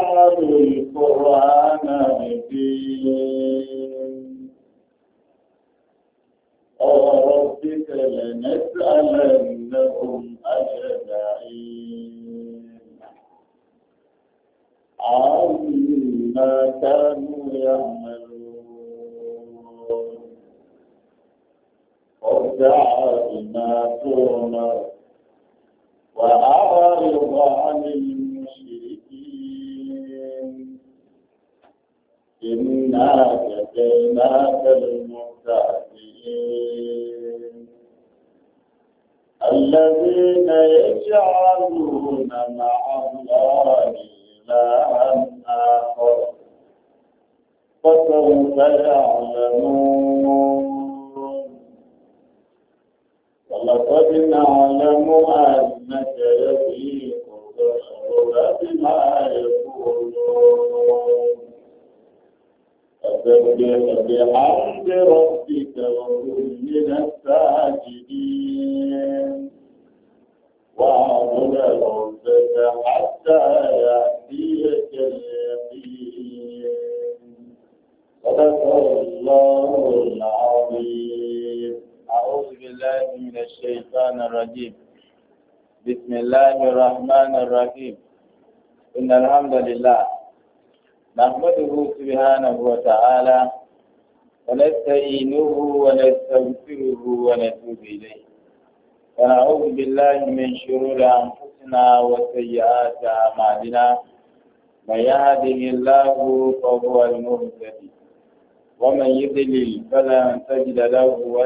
الله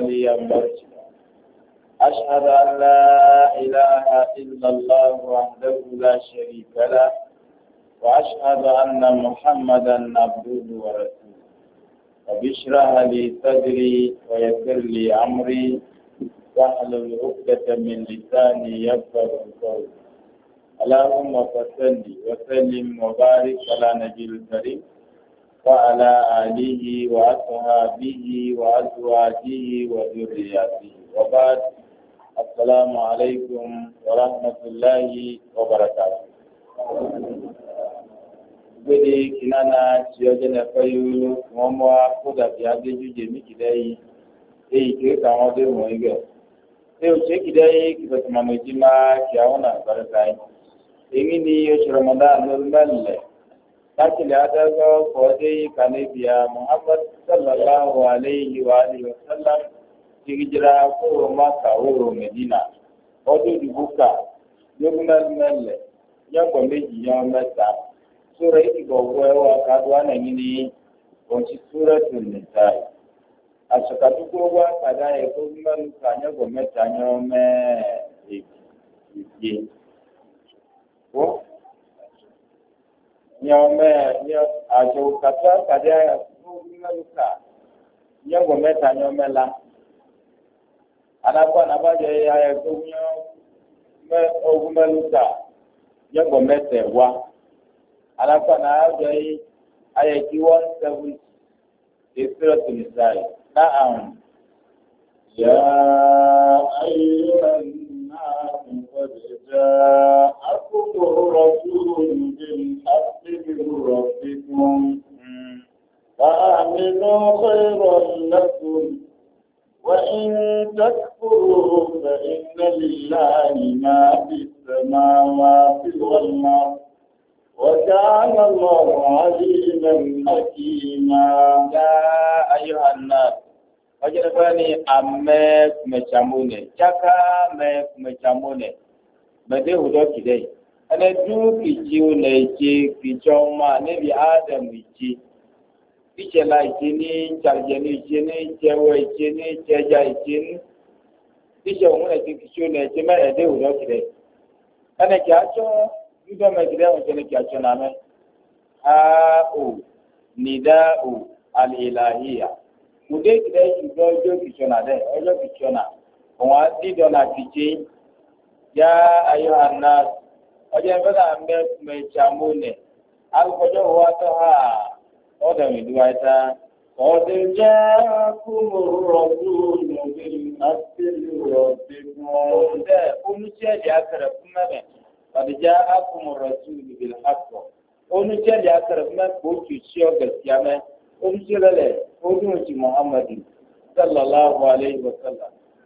لي ينبغي أشهد أن لا إله إلا الله وحده لا شريك له وأشهد أن محمدا عبده ورسوله رب لي صدري ويسر لي أمري واحلل عقدة من لساني يفقه قولي اللهم صل وسلم وبارك على نبي الكريم وعلى آله وأصحابه وأزواجه وذرياته وبعد السلام عليكم ورحمة الله وبركاته gbede kinana tí ọjọ́ nẹfẹ yóò wọn mọ akódà bí adéjújẹ mí kìlẹ yìí èyí kiri ka wọn dé mọ ibẹ èyí ò ṣe kìlẹ yìí kìlọtìmọ̀nà jìmá kí àwọn àgbàdo ká yìí èyí ni oṣù ramadan ló ń lakini adaga kwa dai kanabi ya Muhammad sallallahu alaihi wa alihi wasallam hijira ko Makka eh, eh, eh. ko Medina ọdún dùbúkà yọgbọnmẹlẹ yàgbọ méjì yàn mẹta sóra ìdìbòwò ẹwà kadu ananyi ni wọn ti sóra tó nìta yìí asọkàdúgbò wa kàdá yẹ kó mẹnuka yàgbọ mẹta yàn mẹ èyí nyɔmɛ nyɔ adzo kata kadi ayɔ nyɔnuka nyɔgo mɛta nyɔmɛ la anakɔ anabadzɔ yi ayɔ tó nyɔ mɛ ogun mɛluka nyɔgo mɛtɛ wa anakɔ anabadzɔ yi ayɔ ti one seven zero twenty five na ahun. يا أيها لقد جاءكم رسول بالحق من ربكم فآمنوا خيرا لكم وإن تكفروا فإن لله ما في السماوات والأرض وكان الله عليما حكيما يا أيها الناس wajirafani ame kumechamune chaka ame kumechamune mede wudɔ kide. ene du kitsi kitsɔ ma nebi adam tse kitse la tse ni tsadze ni tse ni tsewɔ tse ni tsedza tse ni ede wudɔ kide. ene me ne o nida o kitsɔ na de, kitsɔ na di na يا أيها الناس أجل بدا أمبر ميشامون الفجر واتها أدم دوائتا قد جاءكم الرسول بالحق من ربكم ده أمشي لأكرة كمبا قد جاءكم الرسول بالحق أمشي لأكرة كمبا بوكي شيو قسيامة أمشي للي أمشي محمد صلى الله عليه وسلم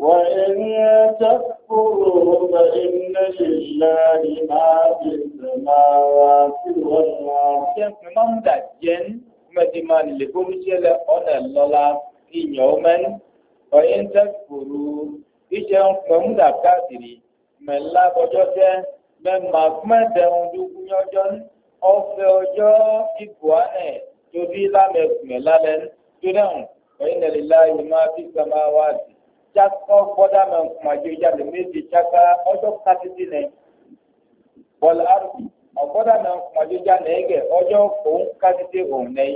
وإن تكفروا فإن لله ما في السماوات والأرض من دجن مدمان لبمجل أنا لولا إن يوما وإن تكفروا iṣẹ́ ń pẹ́ ń dà káàkiri mẹ́lá ọjọ́ tẹ́ mẹ́mà mẹ́tẹ̀ẹ̀hún dúkú ọjọ́ ọ̀fẹ́ ọjọ́ ìbò ẹ̀ tóbi lámẹ̀kùnmẹ́ lálẹ́ tó dáhùn ọ̀yìnlélá yìí máa fi sí tsakɔ gbɔdɔ me ŋkumadze dza le meje tsaka ɔdzɔ katiti nɛ bɔlɔ arubi ɔgbɔdɔ me ŋkumadze dza nɛ yi kɛ ɔdzɔ òun katiti òun nɛ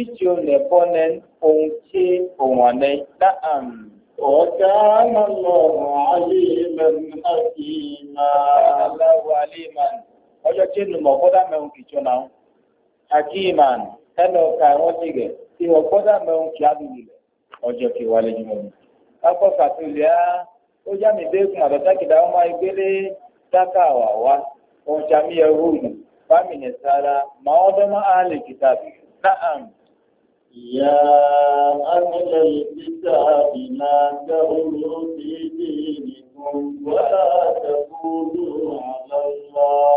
itsu nɛ kɔ nɛ òun tsi òun nɛ na am. وكان الله عليما حكيما الله عليما ọjọ́ tí nùmọ̀ gbọ́dá mẹ́rin kì jọ náà hakiman ẹnu ọ̀ka ẹ̀wọ́n ti gẹ̀ tí wọ́n gbọ́dá mẹ́rin kì á lulẹ̀ ọjọ́ kí wálé jùmọ̀ mi akɔ katolia wodza mi be kuma dɔta kida wo ma egbele daka wa wa ohun tí a mi yẹ wúlò fami ní sara ma wọn dọ́ ma alè kìtà bi naam. Ya ahlal kitab la tahulu fi dinikum wa la ala Allah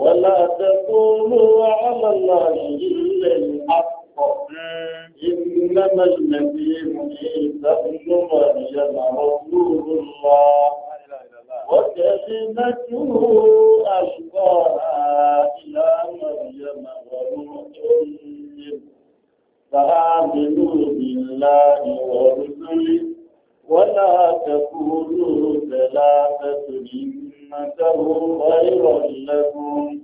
wa la taqulu ala Allah illa al-haq إنما المسيح عيسى ابن مريم رسول الله وكلمته أشباها إلى مريم وروح منه فآمنوا بالله ورسله ولا تكونوا ثلاثة إنه خير لكم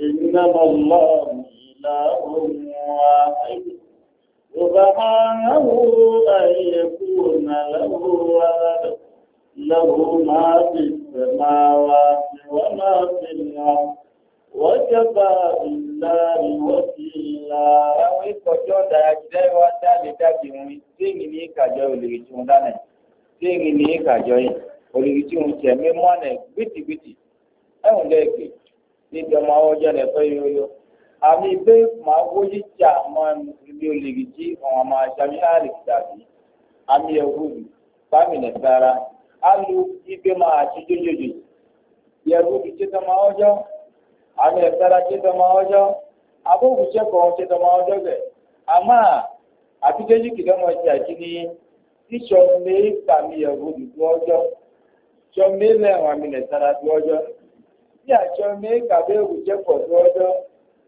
إنما الله إله واحد سبحانه أن يكون له ولد له ما في السماوات وما في الأرض وكفى بالله وكيلا. Ẹ̀wọ̀n ìkọ̀jọ́ dára jẹ́ wá dáàbí dáàbí tí èyí ní ìkàjọ́ olèrè tí wọ́n tí èyí ní ìkàjọ́ yìí olèrè tí wọ́n tẹ̀ gbìtìgbìtì. Ẹ̀wọ̀n àmì pé màá wójú tí a máa ń rí olè jí ọ̀hún àmà àṣàmì àlè tàbí àmì ẹ̀húdù bámi nẹ̀sára alu ibe máa ti jójójò yẹ̀húdù títọ́ máa ọjọ́ àmì ẹ̀sára títọ́ máa ọjọ́ abóhùnṣẹ́ kan títọ́ máa ọjọ́ bẹ̀ àmà àtijọ́jú kìlọ́mọ̀ ti àti ní tíṣọ mẹ́ẹ́ pàmì ẹ̀húdù tó ọjọ́ tíṣọ mẹ́ẹ́ lẹ́wọ̀n àmì nẹ̀sára tó ọjọ́ tí àṣọ mẹ́ẹ́ kàbẹ́ òhùnṣẹ́ pọ̀ tó ọjọ́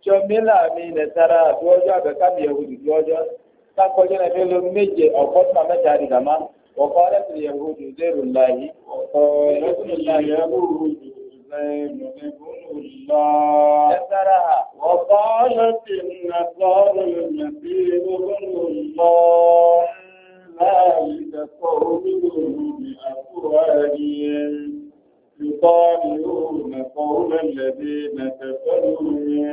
tsɔ mila mi le ta ɖa do ɔdzɔ abe kami yehudi do ɔdzɔ kakɔdze na fi lo meje ɔkɔ tuma mɛta di gama wɔkɔ ɖe fi yehudi de ro la yi ɔkɔ ɖe fi la yehudi de ro la yi ɛta ɖa ha wɔkɔ ɖe fi na kɔ ɖe na fi ro la la yi de kɔ ro mi يطالعون قول الذين كفروا من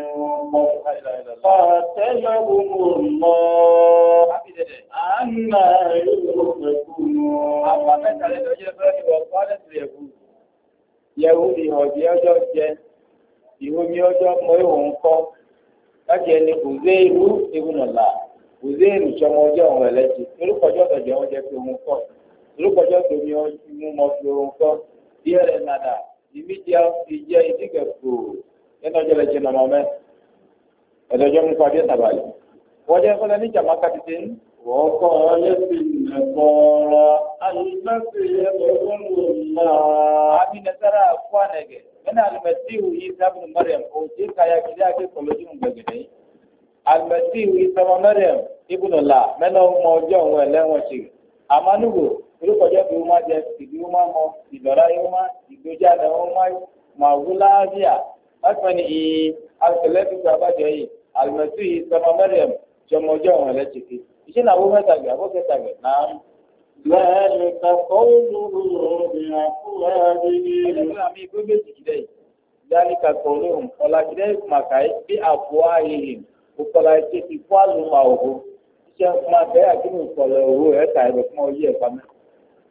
قبل قاتلهم الله أنا يؤفكون Yẹ̀wúdì ọ̀dí ọjọ́ jẹ, ìwúmi ọjọ́ mọ́ ìwọ̀n kọ́, láti ẹni Òzéèrú ìwúnọ̀lá, Òzéèrú sọmọ ọjọ́ ọ̀hún ẹ̀lẹ́sìn, orúkọ ọjọ́ ọ̀dọ̀jẹ̀ wọn jẹ́ pé òun kọ́, orúkọ ọjọ́ tòmí ọmọ fi òun kọ́ dia le nada imidia ija idiga ko eno jele chena mame edo jom ko dia tabali waje ko ni jama katitin wa ko ya bin qara al masih ibn allah abi nasara afwanege ena al masih isa ibn maryam ko jika ya kidia ke ko lojum gbegede al masih isa ibn maryam ibn allah meno mo jo won elewon chi amanugo olùkọ́jọ́ pé wọ́n máa jẹ ìdí wọ́n máa mọ ìdọ̀rá yìí wọ́n máa ìgbéjà náà wọ́n máa máa wú láàbíà láti ní ìyí alùpùpù àbájọ yìí alùmọ̀tú yìí sọmọ mẹ́rẹ̀m jọmọjọ́ wọn lẹ́ tètè iṣẹ́ náà wọ́n mẹ́ta gbé àbọ̀ kẹta gbé náà. lẹ́ẹ̀ni kakọ́ olùrùn ìrìn àkúrẹ́ àdéhìí.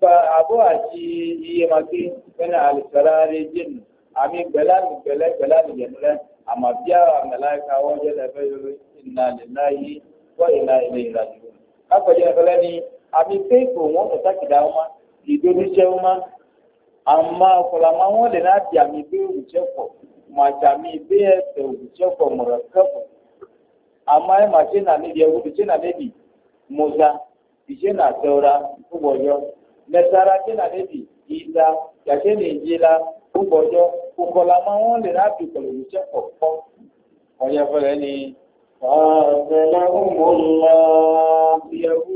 ba abo àti iye maki fẹ́nà àlùfẹ́rẹ́ jìn àmì gbẹ̀láàmì gbẹ̀lẹ́ gbẹ̀láàmì yẹnulẹ̀ àmọ́ bí àwọn àmàlàkà wọ́n jẹ́ lẹ́fẹ́ yọrọ ìnà lẹ́nà yìí wọ́n ìnà ilé ìrìnàjò. akọ̀jọ́ ìfẹ́lẹ́ ni àmì péèkù wọn kò sákìdá wọn ije mẹtara kí nàdé bi ìta gàtẹ nìyí la gbọdọ kókọlá máa wọn lè rà bí pẹlú ìṣe kọkọ ọyẹ fẹlẹ ni. ọ̀sẹ̀lẹ̀ ọmọlá ìyẹ̀wò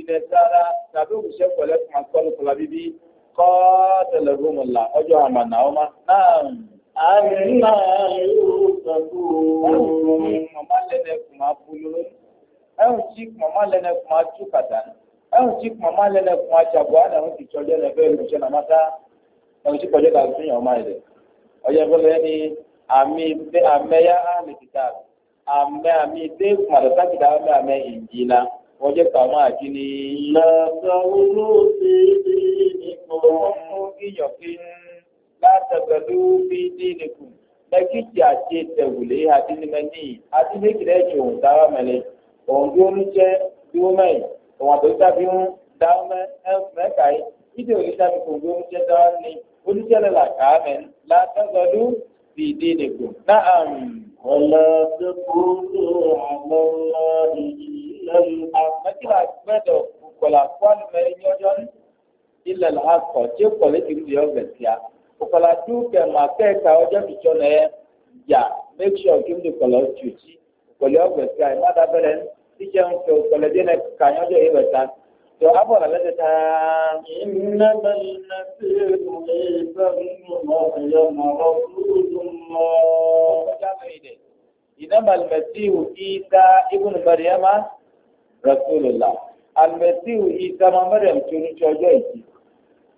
ìnẹ̀tara tàbí òṣìṣẹ́ pẹ̀lẹ́ fún akọ́lùkọ́lá bíbí kọ́ tẹ̀lẹ̀ ọmọlá ọjọ́ àmàna ọmọ náà. àmìnà yóò sọ̀tù. ẹ̀hùn tí màmá lẹ́nẹ̀kùn máa ẹ̀hún tí màmá lẹ́lẹ̀ fún aṣàbọ̀ àná ń ti tọ́jú ẹlẹ́fẹ́ ìrìnsẹ̀ nàmá tá ẹ̀hún tí kọjá kàwé fún yàrá rẹ̀ ọjọ́ ìfẹ́lẹ́ ni àmì àmẹ́yá àmì kìtà àmẹ́ àmì dé màdàtà kìtà àmẹ́ àmẹ́ ìjìnà ọjọ́ ni. lọ́sọ̀ olú ti di ìbò ọmọ kíyàn fi ń bí dínìkù àti òun àti oníṣàbí ń dá mẹ́ta yìí fídíò oníṣàbí kò gbé oúnjẹ dáhùn ni oníṣẹ́lẹ̀ làkà mẹ́ látọ́gọ́dú sí ìdí ìdìbò náà. ọ̀la tó kúrò àmọ́ ìlẹ́yìn. àmọ́kílà gbẹ́dọ̀ kọ̀là fọ́ọ̀nù mẹ́rin ní ọjọ́ ilẹ̀ làákọ̀ tí ó kọ̀ létí ìdí ọ̀gbẹ̀ síá. kọ̀là dúkẹ́ màkẹ́ẹ̀ka ọjọ́ ìjọ náà yà make sure kí n lè kọ̀là ojú ìjì kọ̀là تجاهم سوف الذين كانوا يبتان تو أبو الله تتان إنما المسيح عيسى بن مريم رسول الله إنما المسيح عيسى ابن مريم رسول الله المسيح عيسى بن مريم تنشى جايتي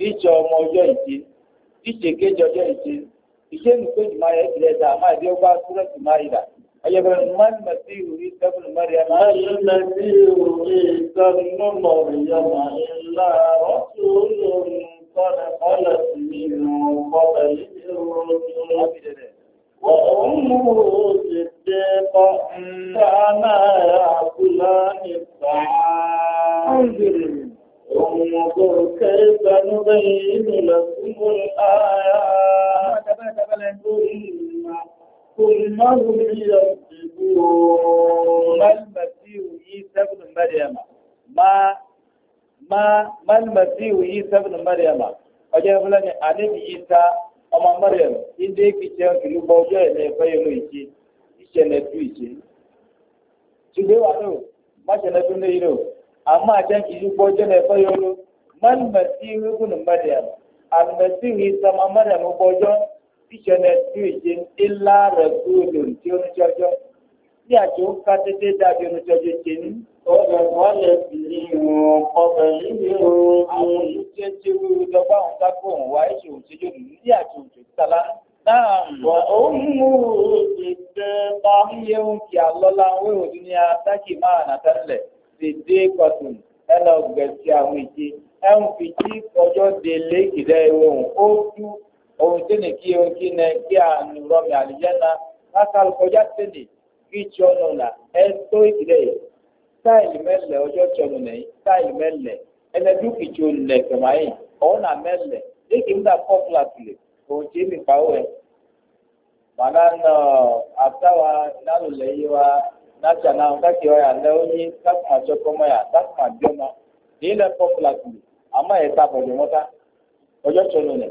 ìṣe ọmọ ọjọ́ ìṣe ìṣe kejì ọjọ́ ìṣe ìṣe nìkejì máa yẹ kìlẹ̀ dà máa dé ọgbà súrẹ́tì máa yìí dà. أجب ما المسيح عيسى ابن مريم ما المسيح عيسى ابن مريم إلا رسول قد خلت من قبله الرسل وأمه صديقة كانا يأكلان الطعام انظر كيف نبين لكم الآيات كلهم يكذبون ما المسيح عيسى ابن مريم ما ما ما المسيح عيسى ابن مريم ọjọ́ ìfúnlẹ́ni àníbi ìta ọmọ mẹ́rin ìdí èkìtì ìlú bọ ọjọ́ ìṣe ìṣe. ṣùgbọ́n wà má àmọ́ àjẹ́ bọ ọjọ́ ìwé kùnú àmì ọjọ́ ìṣẹ̀lẹ̀ tí ò ṣe ńlá rẹ̀ tó lò tí ó ń jọjọ́ bí àti ó ká dédé dábì ó ń jọjọ́ ṣe ní. ọ̀rọ̀ wọn lè fi ìwọ̀n ọbẹ̀ yìí ó àwọn olùjẹ́ tí ó wúwo dọ́gba àwọn dágbò òun wá ẹ̀ṣẹ̀ òṣèlú yóò ní àti òjò tala. náà wà ó ń mú òòjì dẹ́ẹ̀bá. iye ń kí alọ́lá ń wéwò ní atákì máa nà tẹ́lẹ̀ dédé kọ̀tùn ẹ lọ gbẹ̀sí àwọn ìṣe ẹ ń fi jí ọjọ́ de ìdẹ́ ìwọ̀n ó dún ohun tí ni kí ohun kí ni kí àánú rọmi àlìyẹ́nà kákàlù kọjá sí ni kí tí là ẹ tó ìdílé táìlì mẹ́lẹ̀ ọjọ́ tsọ̀nù nẹ̀yìn táìlì mẹ́lẹ̀ mẹ́lẹ̀ ń dà ohun tí mi pa ó ẹ̀. nà àtàwà wa nàtsà náà lẹ́ oyin yà ní ilẹ̀ àmọ́ ta bọ̀dọ̀ mọ́ta ọjọ́ tsọ̀nù nẹ̀.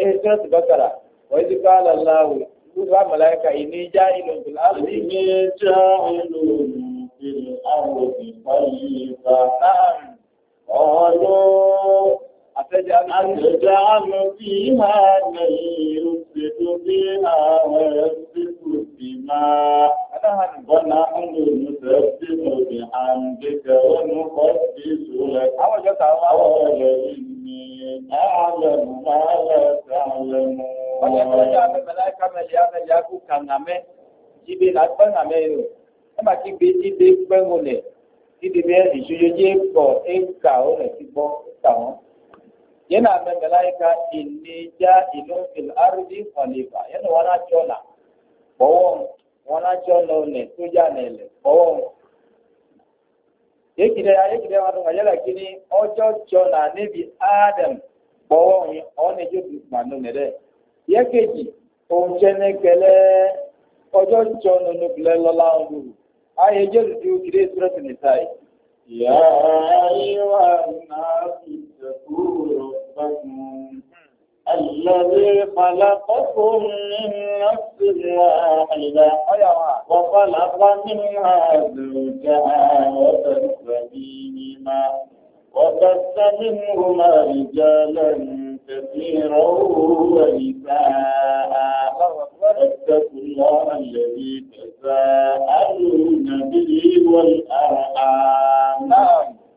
ee tatbaara pokalalaw amalịka yi na-eje anyị naogele ahụ dịhehụ ụ أتجعل فيها من يفسد فيها ويسفك الدماء ونحن نسبح بحمدك ونقدس لك قال إني أعلم ما لا تعلمون Ibe la gbọ́n àmì ẹ̀rọ, ẹ máa kí gbé jíde gbẹ́rún lẹ̀, jíde bẹ́ẹ̀ ìṣojú jẹ́ pọ̀ ẹ̀ka ó rẹ̀ ti gbọ́ ẹ̀ka wọn. yana da malaika inni ja'ilun fil ardi khalifa yana wana chola bowo wana chola ne tuja ne le bowo yekide ya yekide wa tunga yala kini ojo chola ne bi adam bowo ni manu ne de kele ojo jo ya ayyuhan nas الذي خلقكم من نفس واحدة وخلق منها زوجها وبث فيهما وبث منهما رجالا كثيرا ونساء واتقوا الله الذي تساءلون به والأرحام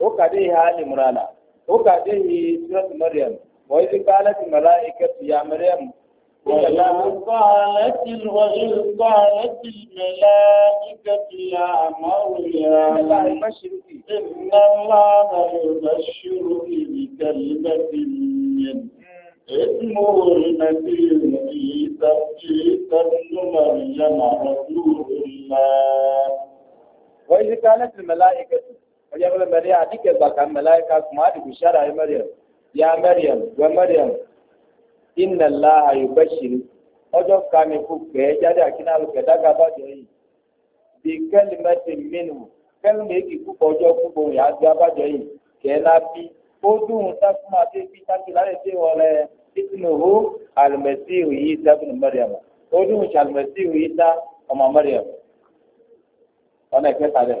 وكذه آل عمران وكذه سورة مريم وإذ قالت الملائكة يا مريم وإذ قالت وإذ قالت الملائكة يا مريم إن الله يبشرك بكلمة من اسمه المسيح عيسى ابن مريم رسول الله وإذ قالت الملائكة wajen mana mariya duka bakan mala'ika kuma da bishara ya maryam ya maryam wa maryam inna allaha yubashshiru ọjọ́ kàmi kú pẹ́ jáde àkínní alùpẹ̀ dága bàjẹ́ yìí bí kẹ́lìmẹ́tì mìíràn kẹ́lìmẹ́tì kúkọ ọjọ́ kúkọ yà á gbé abàjẹ́ yìí kẹ́lá bí ó dùn sákúmọ́ àti bí sákì lálẹ́ tí wọ́n lẹ́ ìtìnúhó àlùmẹ̀sí yìí sábìnú mẹ́rìàm ó dùn sàlùmẹ̀sí yìí sá ọmọ mẹ́rìàm ọ̀nà ìkẹta rẹ̀.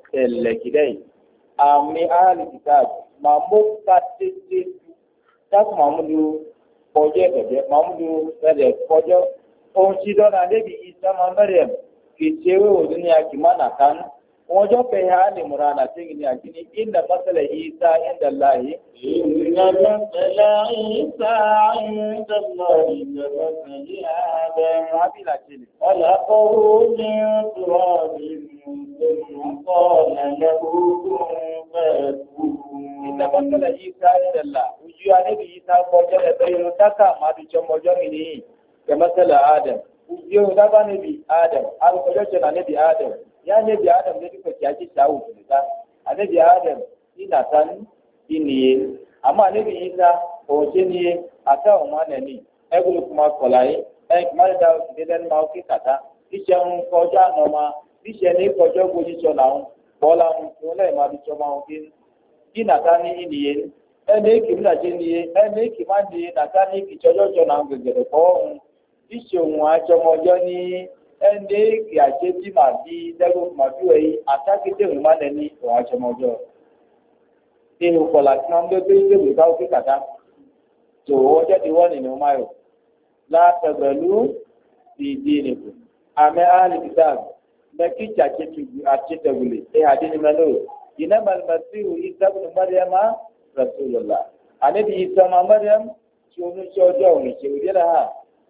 telekidai ami ali kitab mamu katete tak mamudu kɔjɛ kɛtɛ mamudu fɛlɛ kɔjɔ ohun ti dɔ na ne bi isa ma mɛrɛm kete wo o dunuya kima na kan. wajen kai ha ne murana ce gini a gini inda matsala isa inda lahi inda matsala isa inda lahi da matsali adam habila na hukun fẹ́ẹ̀kú inda matsala isa inda uju a nabi isa mọjọ taka ya anabi adam ne duka ki ake shawo ki da anabi adam ina tan iniye amma anabi isa o je ni ata o ma ni e gulu kuma kolai e kuma da den ma o ki kata un no ma ni so un le ma bi ma o ki ina ni iniye e ne ki mi na je ni e ne ki na tan ni ki na ko ende yàtse tí ma di dẹ́gbẹ́ ma fi wẹ̀ yìí atakete ŋun ma nẹni wà á tsọmọdọ tí o kọ la tí wọn bẹ bẹ bẹ bẹ káwọn fi kàtá tó ọjọ́ ti wọ́n nìyẹn ma yọ látẹ̀gbẹ̀lú ti di nìkú amẹ alìkítà mẹ kí tsatse tu atse tẹ̀wìlì ẹ hàdí ni mẹ lò yìnyín malimasi wò yìí sábìlì mẹrìàmà rasulillah àní ti yìí sọmọ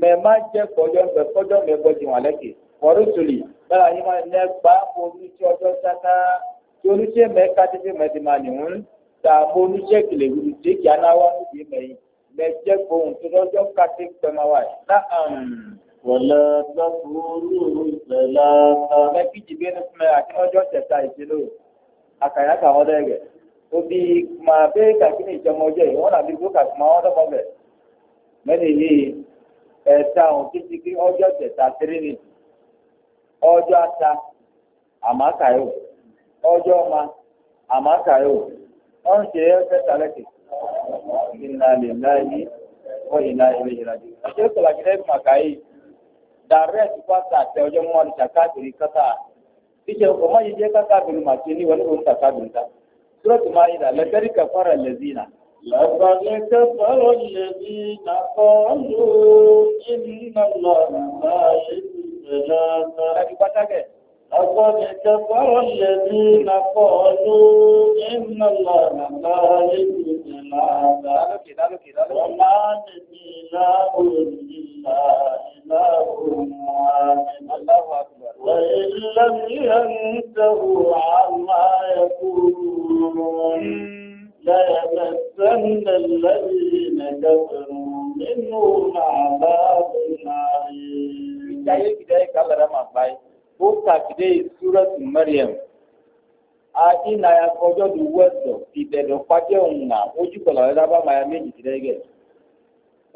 mɛ ma jɛ kɔjɔ mɛ kɔjɔ mɛ gbɔdzi wọn lɛ ke wɔrɔsoli bala yi ma nɛ gba onu tsi ɔjɔ saka tí onu tsi mɛ kati fi mɛ ti ma ni ŋu ta mo onu tsi kele wuli tsi kia na wa nu bi mɛ yi mɛ jɛ gbohun tó dɔjɔ kati kpɛ ma wa yi na am. wọlé gbàgbóró ìfẹlá ta. mɛ kíjì bí ẹni fún mi àti ọjọ tẹta ìdílé o àkàyà kà wọn dẹ gẹ obi ma bẹ kàkiri ìjọmọjẹ yìí wọn nàbí gbó kàkiri ma wọn dọ mọ bẹ mẹ ẹ̀ta ọ̀hún títí kí ọjọ́ tẹ̀ta tírílì ọjọ́ ata àmàkàyò ọjọ́ ọma àmàkàyò wọ́n ṣe é fẹ́tàlẹ́tì ìnà lè láyé wọ́n ìnà ilé ìrìnàjò. ọjọ́ ìsọ̀làgídẹ́ màkàyè direct pàtà àti ọjọ́ mọ́ni ṣàkàbìrì kátà tíṣe ọkọ̀ máa yẹ jẹ́ kátàbìrì màtí ní wọ́n ní oṣù kátàbìrì ta. sọ́ọ̀tù máa yẹ dà lẹ́tẹ́rì kẹfọ́rẹ̀ lẹ́zínà. لقد كفر الذين قالوا إن الله ثالث ثلاثة لقد كفر الذين قالوا إن الله ثالث ثلاثة وما نجيناه إلا إله واحد وإن لم ينتهوا عما يقولون ليمسن الذين كفروا منهم عذاب na ya kọjọ du wẹsọ ìbẹ̀rẹ̀ pàjẹ́ òun ojú kọlọ̀ ẹ̀dá máa méjì kìlẹ̀ gẹ̀.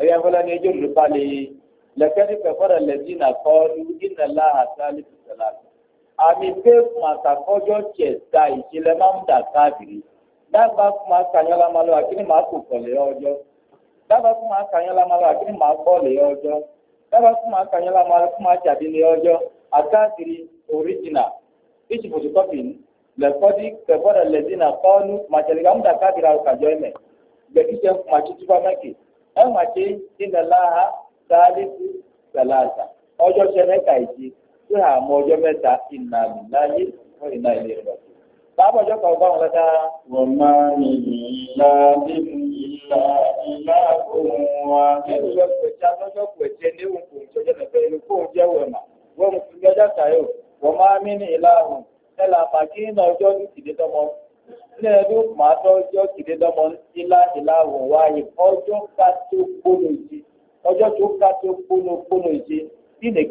ẹ̀yà fọlá ni ẹjọ́ ló palẹ̀ lẹ́kẹ́ni pẹ̀fọ́dà lẹ́sìn náà kọ́ ìnà àmì pé màtàkọ́jọ́ tiẹ̀ ta ìṣẹ̀lẹ̀ máa ń dà káàkiri. dábàá kó máa kàyàn lámà lọ àkíní máa kò kọ̀lé ọjọ́ dábàá kó máa kàyàn lámà lọ àkíní máa kọ̀lé ọjọ́ dábàá kó máa kàyàn lámà lọ kó máa tàbí lé ọjọ́ àkáàkiri òríjìnà bíṣì fòtòkọ́pì lẹ́kọ́dí kẹfọ́rẹ̀ lẹ́dínà kọ́ọ́nù màtẹ̀lẹ́gà ń ẹ̀mẹ̀ gbẹ̀kíṣẹ́ ọjọ́ tí lábọ̀jọ́ kan bá wọn lọ́ta. wọ́n máa ń ìlà nínú ìlà ìlà ohun wa. nínú ìlọ a lọ́jọ́ kò jẹ́ tó jẹ́ ọjọ́ máa ọjọ́ ọjọ́ ọjọ́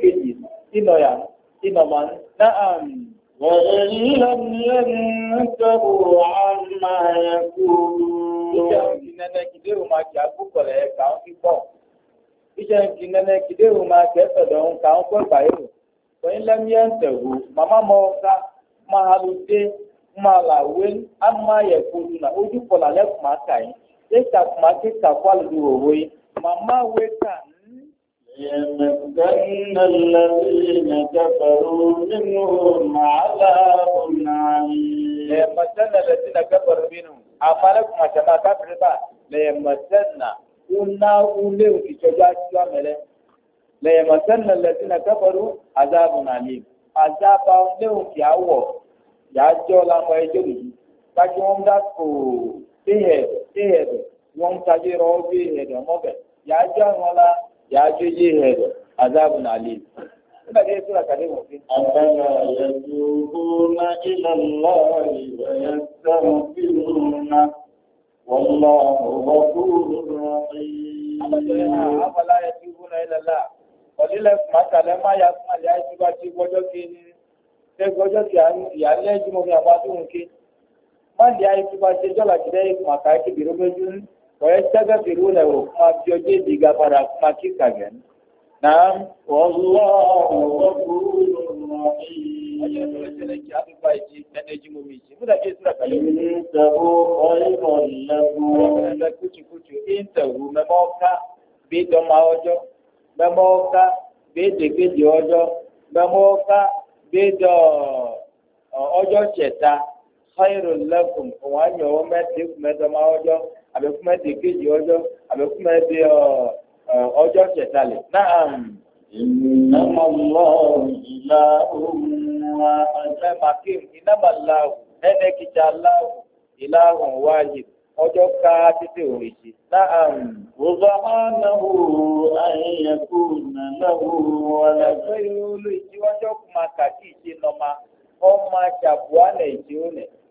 ká ọjọ́ وقليلا ينتهوا عما يقولون iṣẹ́ ń fi nẹ́nẹ́ kìdéhùn máa kẹ́sọ̀dọ̀ ń ka ń kọ́ ìgbà yìí wọ́n ka ẹ̀ ń tẹ̀wò màmá mọ ọ̀ka máa ló dé máa là á máa yẹ kojú náà ojú يمكن الذين كفروا منهم عذاب عليم ليمكن الذين كفروا منهم أمالكم عشان كفر با ليمكن قلنا أولئك كجاج كاملة ليمكن الذين كفروا عذاب عليم عذاب أولئك يعوى yàjọ làwọn ẹjọ yìí kájú wọn dá kó téèyàn téèyàn wọn ń tajú rọ yajuji hilo adhabu na alimu أفلا يتوبون إلى الله na والله غفور رحيم أفلا يتوبون إلى الله Ọdílẹ̀ Màkàlẹ́ máa ya fún àlẹ́ àìsíwá tí gbọ́jọ́ kí ní ṣé gbọ́jọ́ kí ìyálé ìjùmọ̀ mi àbá tó ń ké. Má lè àìsíwá ya jọ́là kí lẹ́yìn Màkàlẹ́ kìbìrì lójú ويستغفرونه كما بيوجي ديغا فرا كما كيكاغن نعم والله غفور ọjọ́ mẹmọ́ọ́ká gbẹ́dọ̀ ọjọ́ òun á yọ̀ ọ́ mẹ́tẹ́kù mẹ́tọ́ máa ọjọ́ àbẹ̀kúmọ̀ ẹ̀dẹ̀ kejì ọjọ́ àbẹ̀kúmọ̀ ẹ̀dẹ̀ ọjọ́ kẹtàlẹ̀ náà. ìnáwó lọ́ọ̀ ìlà òun wa ọ̀sẹ̀ màkì ìnáwó làwù ẹnẹ́ kìjà làwù ìlà òun wáyé ọjọ́ ká títí òrìṣì náà. òbá ọ̀nà wò ayẹyẹkù nàlọ́wọ́ wọlé. ọjọ́ ìrúlé ìjíwájọ́ kùmà kàkì ìṣe nọ́mà ọmọ àjàbùwálẹ̀ ìṣe ó nẹ̀.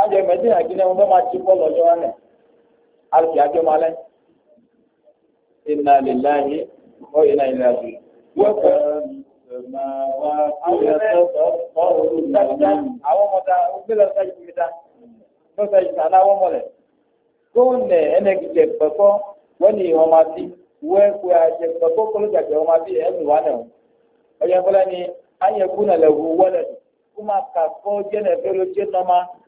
adzɔ mɛtɛ yà kini ɛmɛ ma tsi kɔlɔ yɔ anɛ alùpùpù adzɔ ma lɛ ina lè la yi kɔ ina yi la yi wɛfɛ awo lɛ ɔwɔ sadza awo ta ogbe lɛ sadza mi ta n'o sadza ta n'awɔ mɔ lɛ tó nɛ ɛnɛgidɛ kpɛkɔ wɛni ɔma ti wɛ kò adzɛ kpɛkɔ kolo dzadzɛ ɔma ti ɛnu wa nɛ o ɔyɛ fɔlɛ ni ayɛ kuna lɛ wu wɛlɛ kuma kakɔ dzɛnɛ fɛlɛ dzɛnɔma.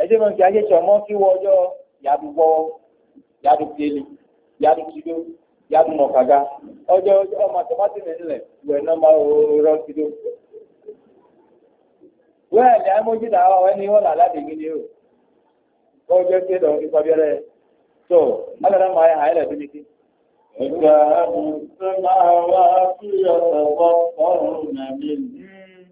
ẹjẹ mọ kí ajé tí ọmọ kí wọ ọjọ yàdù wọ yàdù kele yàdù kido yàdù ọjọ ọmọ nílẹ wẹ nọmba ní amójú wọ́n ní wọ́n làlá dèmí ni o ó jẹ́ kí ẹ̀dọ̀ kíkọ́ bí ẹrẹ́ tó alára máa yà áyẹ̀lẹ̀ bí nìkí. ìgbà àbùsọ̀ wá sí fọ́ọ̀rùn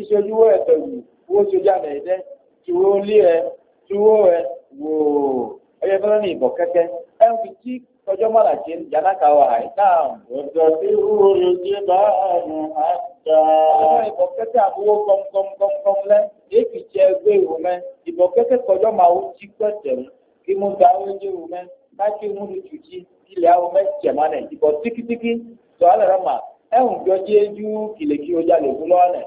ìṣojú wọ ẹ̀tọ́ yìí wọ́n ṣojú àná ẹ̀dẹ́ tí wọ́n lé ẹ tí wọ́n ẹ wò ẹyẹ fẹ́rẹ́ ní ìbọ̀ kẹ́kẹ́ ẹ ń fi tí ọjọ́ mọ́là ṣe ń wà àìsàn. ọ̀dọ̀ tí wúro ló ṣe bá àrùn àjà. àwọn ìbọ̀ kẹ́kẹ́ àbúwọ́ kọ́mkọ́mkọ́m lẹ́ èé fi jẹ ẹgbẹ́ ìwò mẹ́ ìbọ̀ kẹ́kẹ́ kọjọ́ máa ó jí pẹ̀tẹ̀ mú kí mo gba oúnjẹ ìwò mẹ́ láti mú mi tù jí ilẹ̀ àwọn mẹ́ jẹ̀má nẹ̀ ìbọ̀ tíkítíkí sọ̀rọ̀ rẹ̀ mà ẹ̀hùn jọjẹ́ ju kìlẹ̀kí ọjà lè fún lọ́wọ́ nẹ̀.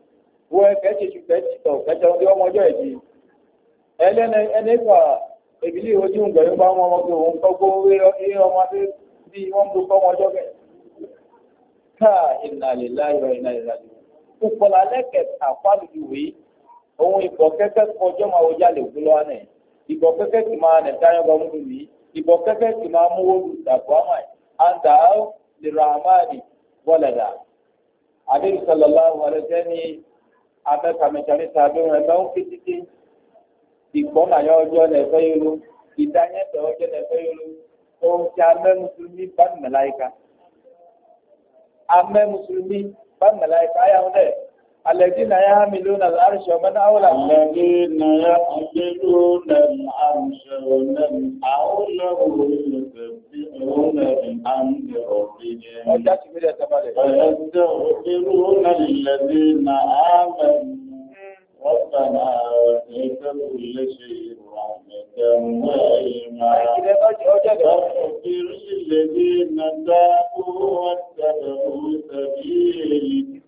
wo kẹ́tì tù kẹ́tì tọ̀ kẹ́tì ọdún ọmọjọ́ ẹ̀dì ẹlẹ́ni ẹni fà èbílí ojú ǹgbẹ̀ yóò bá wọn ọmọ pé òun kọ́kọ́ eré ọmọ tó bí wọ́n tó kọ́ ọmọjọ́ bẹ̀. káà ìnàlè láyọ̀ ìnàlè láyọ̀ kúpọ̀lá lẹ́kẹ̀ àfàlùwé òun ìbọ̀ kẹ́kẹ́ kọjọ́ máa wọjá lè kú lọ́wọ́ nẹ̀ ìbọ̀ kẹ́kẹ́ tì máa nẹ̀ táyọ̀ bá múlù mí ìbọ̀ kẹ́kẹ́ máa múwó lù dàgbà máì àǹdà lè ra àmáàdì wọ́lẹ̀dà. àdéhùn sọlọ́lá wọlé sẹ́ni abe kametsani ta do ŋun ɛfɛ ŋuti titi ikpɔ ma yɔ ɔdzɔ le ɛfɛ yolo ita nye tɔ ɔdzɔ le ɛfɛ yolo ɔdza amɛ musulumi ba mɛla yi ka amɛ musulumi ba mɛla yi ka ayawo dɛ. الذين يحملون العرش ومن أولى الذين يحملون العرش ومن أولى يسبحون بحمد ربهم ويستغفرون الذين آمنوا ربنا وسعت كل شيء رحمة وإيمان فاغفر للذين تابوا واتبعوا سبيلك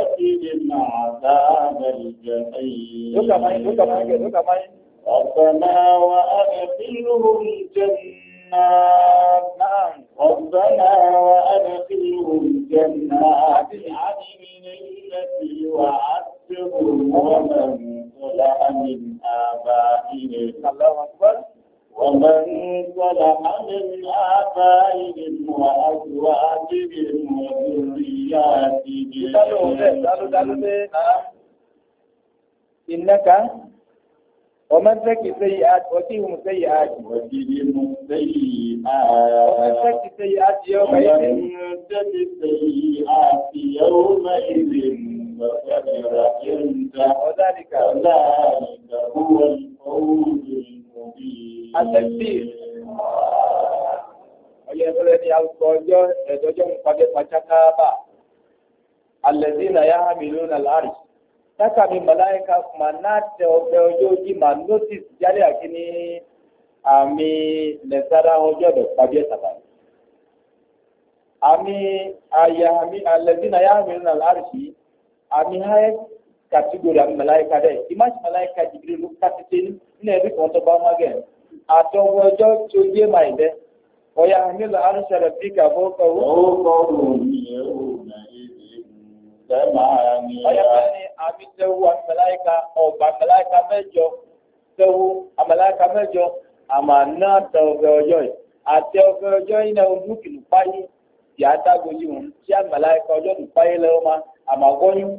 فقهم عذاب الجحيم ربنا وأدخلهم جنات نعم. ربنا وأدخلهم جنات عدن التي وعدتهم ومن صلح من آبائهم الله أكبر ومن صلح من آبائهم وأزواجهم وذرياتهم إنك ومن زكي سيئات وكيهم سيئات وكيهم سيئات ومن زكي سيئات يومئذ ومن زكي سيئات يومئذ وكبر عندك وذلك هو الفوز àtẹ̀sí ọyẹ ẹgbẹ́ ní alùpùpù ọjọ́ ẹ̀dọ́jọ́ ń pàdé pàjákàbà alẹ́sí náà yá hàmì lónà láàrì tákà mi màláyíká mà náà tẹ ọgbẹ́ ọjọ́ ojú mà nọ́tìsì jálè àkíní àmì lẹ́sára ọjọ́ ẹ̀dọ̀ pàdé tàbá àmì àyà àmì alẹ́sí náà yá hàmì lónà àmì category abi malaika dɛ image malaika jibiri lu katite ina ebi kɔntɔ bama gɛ atɔwɔjɔ tso ye ma yi dɛ ɔya hamilu arusara bi ka bɔ ka wo. o kɔ wo mi ye o na ebi bɛma ni ya. ɔya bani ami tɛwu ami malaika ɔba oh, malaika mɛjɔ tɛwu amalaika mɛjɔ ama na tɛwɔjɔ yi atɛwɔjɔ yi na o nu pa yi ti a dago yi o ti amalaika pa yi lɛ o ma ama gɔnyu.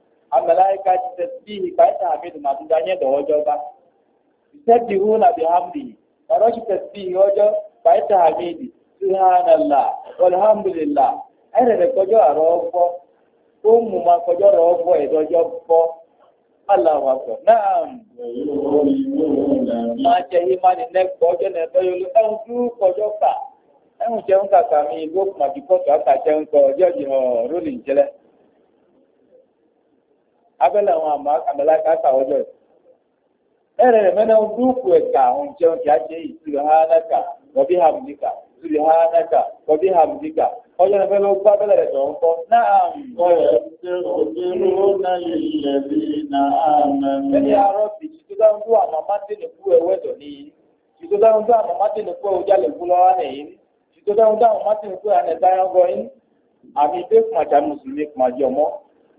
amalaika ti tasbihi kaita hamidu masu danye da wajen ba sabbi huna bi hamdi karo shi tasbihi wajen kaita hamidi subhanallah walhamdulillah ẹrẹ rẹ kọjọ na ọgbọ tó mú ma kọjọ àrọ ọgbọ ìdọjọ gbọ ma náà máa jẹ ìmánì bụ ọjọ jẹun kàkà mi ìlú kọ ọjọ ìhàn jẹlẹ. abẹ́lẹ̀ àwọn àmàlàkà sàwọ́jọ́ yìí. ẹ̀rẹ̀ rẹ̀ mẹ́nà dúkù ẹ̀ka àwọn jẹun kí á jẹ́ yìí síbi hánàkà wọ́bí hàmùdíkà síbi hánàkà wọ́bí hàmùdíkà ọjọ́ náà fẹ́ẹ́ ló gbá abẹ́lẹ̀ rẹ̀ tọ̀ ń kọ́ náà. ọ̀rẹ́ ṣe òṣèlú náà lè yẹ̀ bí náà mẹ́rin. ẹni àárọ̀ bìí tó dáhùn tó àmọ́ má tìtò dáhùn dáhùn ọmọ tí nìkú ọjà lè kú lọ́wọ́ nìyí tìtò dáhùn dáhùn àmì ìgbé kùmàjà mùsùlùmí kùmàjà ọmọ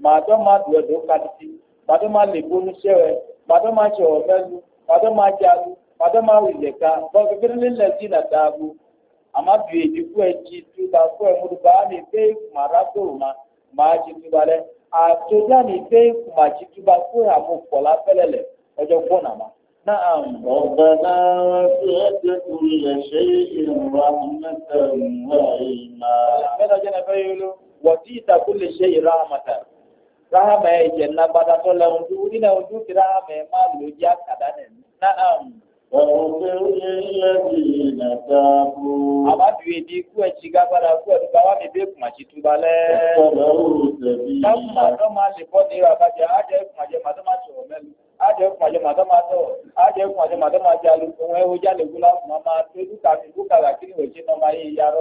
màdọ́ máa dùn ẹ̀dọ́ kadìdì màdọ́ máa lè gbónú sẹ́wẹ̀ màdọ́ máa ṣe ọ̀rọ̀ mẹ́lu màdọ́ máa jalu màdọ́ máa wò ìlẹ̀ka bọ́ọ̀kì kékeré lẹ́sìn náà dáàbò àmà bìí ìdìbò ẹ̀jì tuba kó ẹ̀ múlùbá ní pé màrá tòrò ma màá ti tuba lẹ àtòjá ní pé màá ti tuba kó ẹ̀ àmú pọ̀lá fẹ́lẹ̀ ọjọ́ gbọ́n nàmá. ربنا وسعت كل شيء رحمة وعلما. rahama ẹ̀jẹ̀ nagbada tó lẹ ojú nílẹ ojú ti rahama ẹ lò jẹ na nẹ náà. ọ̀pẹ̀ oye lẹ́bi ìnàta kú. àbájú èdè ikú ẹ̀jì gágbára kú ẹ̀dùn báwa mi bẹ́ẹ̀ kùmà sí tuba lẹ́. ọ̀pẹ̀ oye tẹ̀bi. táwọn màdán máa lè bọ́ ní ìràbàjẹ́ àjẹ́ kùmàjẹ́ màdán máa sọ̀rọ̀ mẹ́lu àjẹ́ kùmàjẹ́ màdán máa sọ̀rọ̀ àjẹ́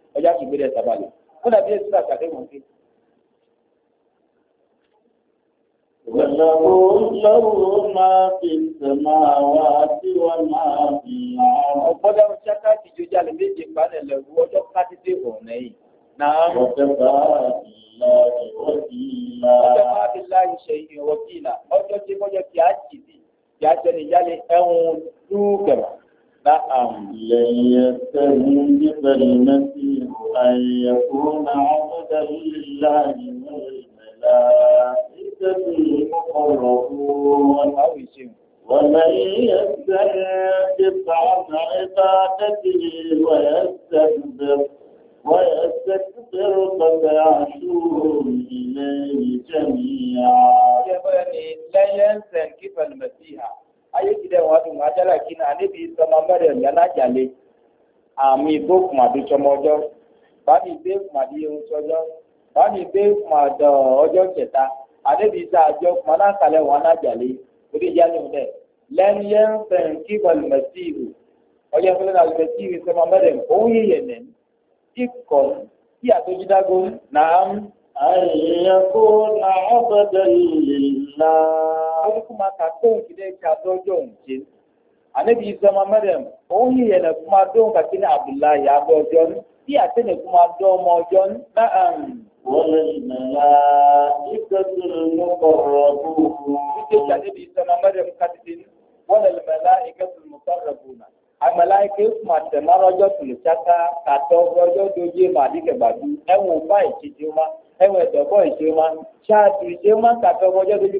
ọjà kìí gbéra ẹsẹ̀ balẹ̀ kó dàbí èsì àti àdéhùn sí. Ọgbọ́dọ̀ ṣáká ti jojú àlè méje palẹ̀ lẹ̀wú ọjọ́ kátìdé wọ̀ lẹ́yìn. Náà. Ọ̀fẹ́ bá ìlàjì wọ́kìlà. Ọjọ́ máa fi láì ṣe ìwọ̀kìlà. Ọjọ́ tí wọ́n yẹ kí á jìdì, kí á jẹ́ nìyálé ẹ̀hún lúgẹ̀rẹ̀. نعم لن يستنجب المسيح أن يكون عبدا لله والملائكة المقربون ومن يستنجب عن عبادته ويستكبر ويستكبر فسيحشرهم إليه جميعا. يا لن يستنكف المسيح ayékidẹ wọn adùn mọ ajálà kínà níbi sọmọ mẹrẹ yànnàjàlè àmì ìgbó kùmàdù tsọmọjọ bàmí ìgbé kùmàdù yẹn tsọjọ bàmí ìgbé kùmàdù ọjọ tsẹta àníbi sọ àjọ kùmàdù àkàlẹ wọn ànàjàlè orí yálò dẹ lẹnu yẹn fẹn kí wàlú mẹsì ìlú ọjọ fẹlẹ náà mẹsì ìlú sọmọ mẹrẹ owó yẹ yẹn nẹ ikọ kí àtọjídágún náà ọ̀fẹ́ bẹ́ẹ̀ lè náà. wani kuma ka ton ki dai ka to don ki anabi isa ma maryam yana kuma don ka kina abdullahi ya bo jon ti atene kuma do mo jon na am wal malaikatul muqarrabun ki ta anabi isa malaikatul malaike kuma marojo chaka ka to rojo doje ma badu e wo fa ichi ma e wo do ma cha ma ka to rojo doje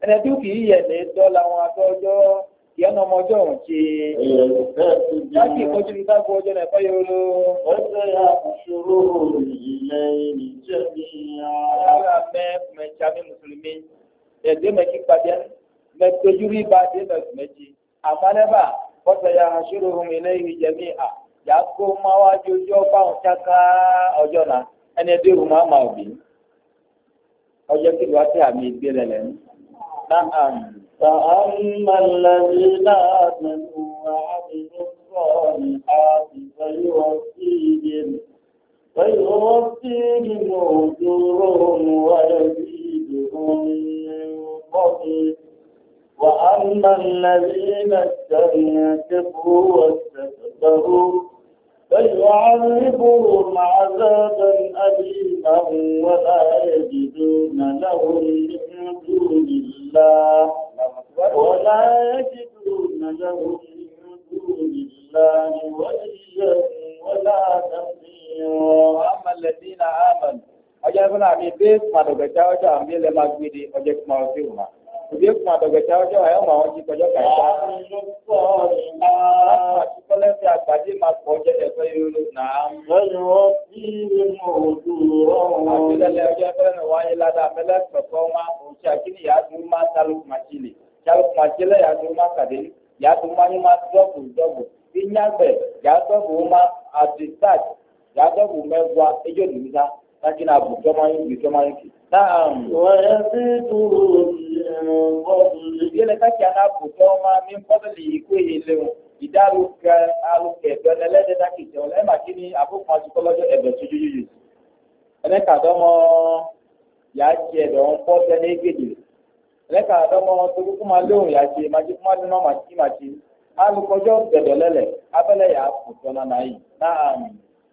ẹni tó kì í dọ́là wọn àtọ́jọ́ ìyẹn ọmọ ọjọ́ ọ̀hún ṣe jákè ìmọ̀jú ní sáàkó ọjọ́ náà ẹ̀fọ́ yóò ló. ọjọ́ ya ṣòro ilẹ̀ ìjẹ́ mi. ara mẹ mẹta mi mùsùlùmí ẹ̀dẹ́ mẹ́kí padà mẹ́tẹ́jú rí ba dé ìjẹ́ mi à ṣáká ọjọ́ náà ẹni ẹdẹ́rù máa ọjọ́ kí نعم فأما الذين آمنوا وعملوا الصالحات فيوفيهم فيوفيهم أجورهم ويزيدهم من فضله وأما الذين استنكفوا واستكبروا فيعذبهم عذابا أليما ولا يجدون لهم من دون الله ولا يجدون لهم من دون الله وليا ولا نصيرا أما الذين آمنوا أجل أبي بيت ما نبتاوش أمي لما قيدي أجل ما أصيرنا òbí kùn àdọ̀gẹ̀tà ọjọ́ àyọ̀ mọ àwọn jíkọjọ́ kàìta. láti kọ́lẹ́ fi àgbàdì máa pọ̀ jẹ́lẹ̀ fẹ́ yòrò náà. lẹ́yìn wọn bí mo dù rọrùn. àgbélẹ̀lẹ̀ ọjọ́ fẹ́ràn wáyé ládàá mẹ́lẹ́ kọ̀ọ̀kan máa kò ṣe àkíní yàtú máa talùkùmàjìlì talùkùmàjìlẹ̀ yàtú máa kàdé yàtú máa ní máa dọ́gù dọ́gù inyagbe yàtọ̀gù máa àtìsáàtì yàtọ̀gù mẹ́wàá ejò nìyíta lákínà àbùkẹ́ máa Na'am. Wa yazidu min fadli. Yele ka kana ko ma min fadli ko yele idaru ka alu ke benele de ta ki je ole ma kini abu ma ju kolojo ebe tujuju. Ele ka do mo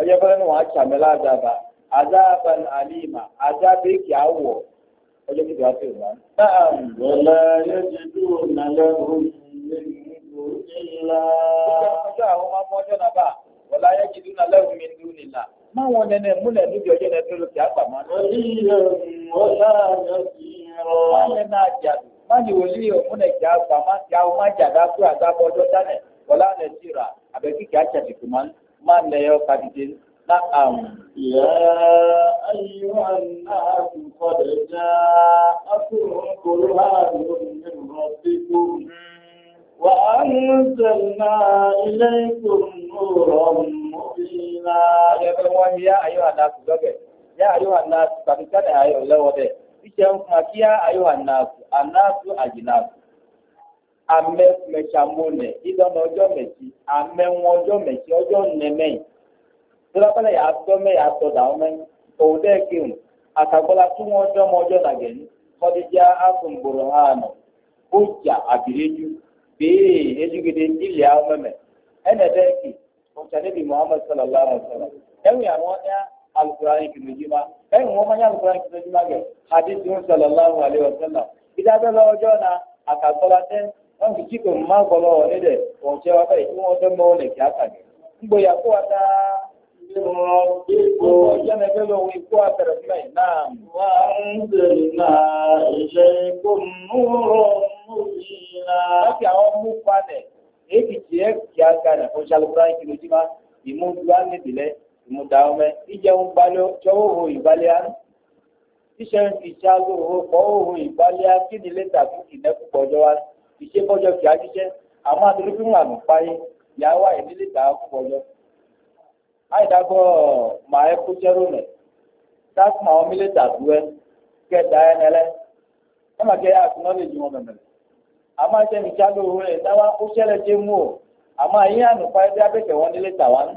ọjọ́ fẹ́rẹ́ ni wọ́n á tsàmẹ́ ládàbà àdàbà àlìmà àdàbà èkì àwọ̀ ọjọ́ kìtì wá tẹ̀lé wọn. náà wọlé yẹtìdú nàlẹ́ òyìnbó ńlá. ọjọ́ àwọn máa mú ọjọ́ náà bá wọlé yẹtìdú nàlẹ́ òyìnbó ńlá. má wọn nẹnẹ múlẹ̀ níbi ọjọ́ náà tó lọ sí àgbà máa. oníyẹ̀ wọlé ayọ̀ sí rọ. má nẹnẹ àjàdù má ní wòlíì òmùnẹ̀ kí àgbà má kí àwọn má jàdá fún àgbà bọ́jọ́ dánẹ̀ wọlé àlẹ́ sí rà àbẹ̀kí kí á má lẹyọ kàdìdé láàmù. Ìyá ayíwá náà kò kọ́dẹ̀ já akúrò kòrò ààrùn nínú ọdí kò. Wà á ń sẹ̀lá ilé ìkò nùrọ̀ mọ́bílá. Ẹgbẹ́ wọn ni yá ayọ́ àná kò lọ́gẹ̀. Yá ayọ́ àná kàdìdé ayọ̀ lẹ́wọ̀ dẹ̀. Ìṣẹ́ ń fún wa kí yá ayọ́ àná kò àná ame mẹtsamone idɔnɔ ɔdzɔ mɛtsi ame ŋu ɔdzɔ mɛtsi ɔdzɔ nɛmɛ tolakɔlɛ yatɔ atọ yatɔ dawo atọ owu ɖe o akagbɔla tó ŋu ɔdzɔ mɛ ɔdzɔ nage nu kɔdidza afɔnboro hã nɔ kódza abiridu bee muhammed sallallahu wa sallam ɛnu yà wọn ya alukurani kìlódjima ɛnu wọn sallallahu wa sallam wọn kì í kíkọ mọ agbọlọ ẹdẹ wọn jẹ wa báyìí wọn fẹ mọ ọlẹ kí á kó wa ẹgbẹ́ lọ wí kó fún ẹ̀yìn náà. Wà ń tẹ̀lé náà ìṣe kó mú mú Wọ́n fi àwọn mú panẹ̀. Èkì tí ẹ kì á ọjọ́ òhò ń fi kọ́ ìṣe bọ́jọ́ kìá jíjẹ́ àmọ́ àtúndì fún àmì páyé ìyàwó àìdílé gbà á kú bọ́jọ́. àìdàgbọ́ màá ẹ kó jẹ́rò rẹ̀ táàkì màá wọn mílẹ̀ dàdú ẹ kẹta ẹ nẹlẹ ẹ má kẹ àtúnná lè ju wọn mẹ̀mẹ̀lẹ̀. àmọ́ àti ẹnì kí á lóore rẹ̀ táwa ó ṣẹlẹ̀ dé mú o àmọ́ àyín àmì páyé bí abẹ́kẹ̀ wọn nílé tà wá ní.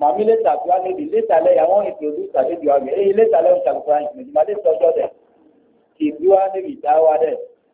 màmí lẹ́tà tó wá lébi lẹ́tà lẹ́ yà wọ́n ètò ìlúta lébi wá gẹ̀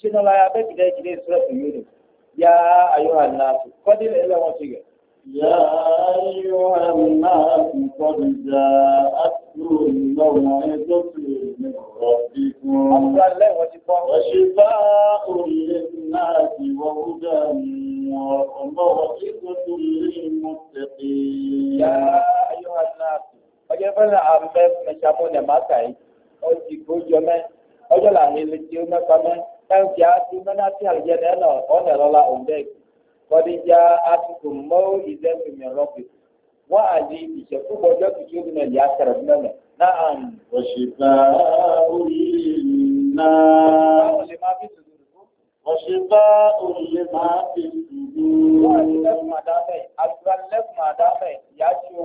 shine la ya be gida gida suratu yunus ya ayyuhan nas qad ila wa tiga يا أيها الناس قد جاءتكم موعظة من ربكم وشفاء للناس وهدى وموعظة للمتقين يا أيها الناس ọjọ́ fẹ́ràn àmọ́ mẹ́sàmú ni màá kà yìí ó ti kó jọ mẹ́ ọjọ́ làwọn ilé tí ó mẹ́fà mẹ́ ẹnkì àti mẹ́nàtì àlùjẹ́nà ẹ̀nà ọ̀nà ẹ̀rọ̀lá òǹdẹ́gì kọ́díjà àtúntò mọ́ ìdẹ́gbẹ̀ mìíràn wọ́n àdí ìṣẹ̀kúbọ̀ ọjọ́ kìkì ó dúnà ìyá sẹ̀rẹ̀ fún mẹ́mẹ́ náà ń. ọ̀ṣìbá òye náà. báwo lè máa fi tùdù rú? ọ̀ṣìbá òye máa fi tùdù rú. wọ́n àti lẹ́kùn àdámẹ́ àdúrà lẹ́kùn àdámẹ́ ìyá tí ó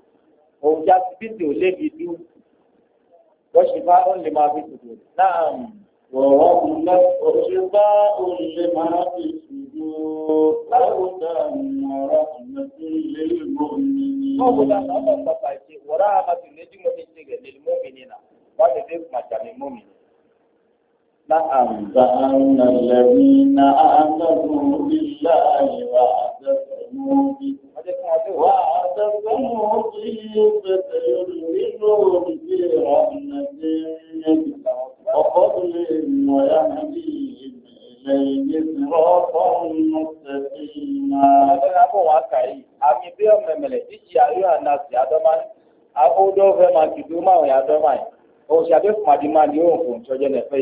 òun já sí bíntì ò lébi dú wọ́n ṣe bá ó lè máa fi tòkò náà wọ̀rọ̀ ọ̀nà òṣè bá ó lè máa fi tòkò láwùjọ ìmọ̀ràn ọ̀nà tó lè mọ̀ mí. wọ́n kò dá sọ́kọ̀ pàpà ìṣe wọ́rọ̀ àmàtì lójúmọ́ ní ṣe rẹ̀ lè mú mi nínà wọ́n ti dé kùmàjà mi nínà. لأنزعن الذين آمنوا بالله وأعتزموا به وأعتزموا به فسيدخلهم في رحمته وفضله ويهديهم إليه صراطا مستقيما. Àmì bí ọ̀mẹ̀mẹ̀lẹ̀ jíjí ayé àná sí Adọ́máyé, abúdó fẹ́ máa máa ni ó ń fò ń nẹ̀fẹ́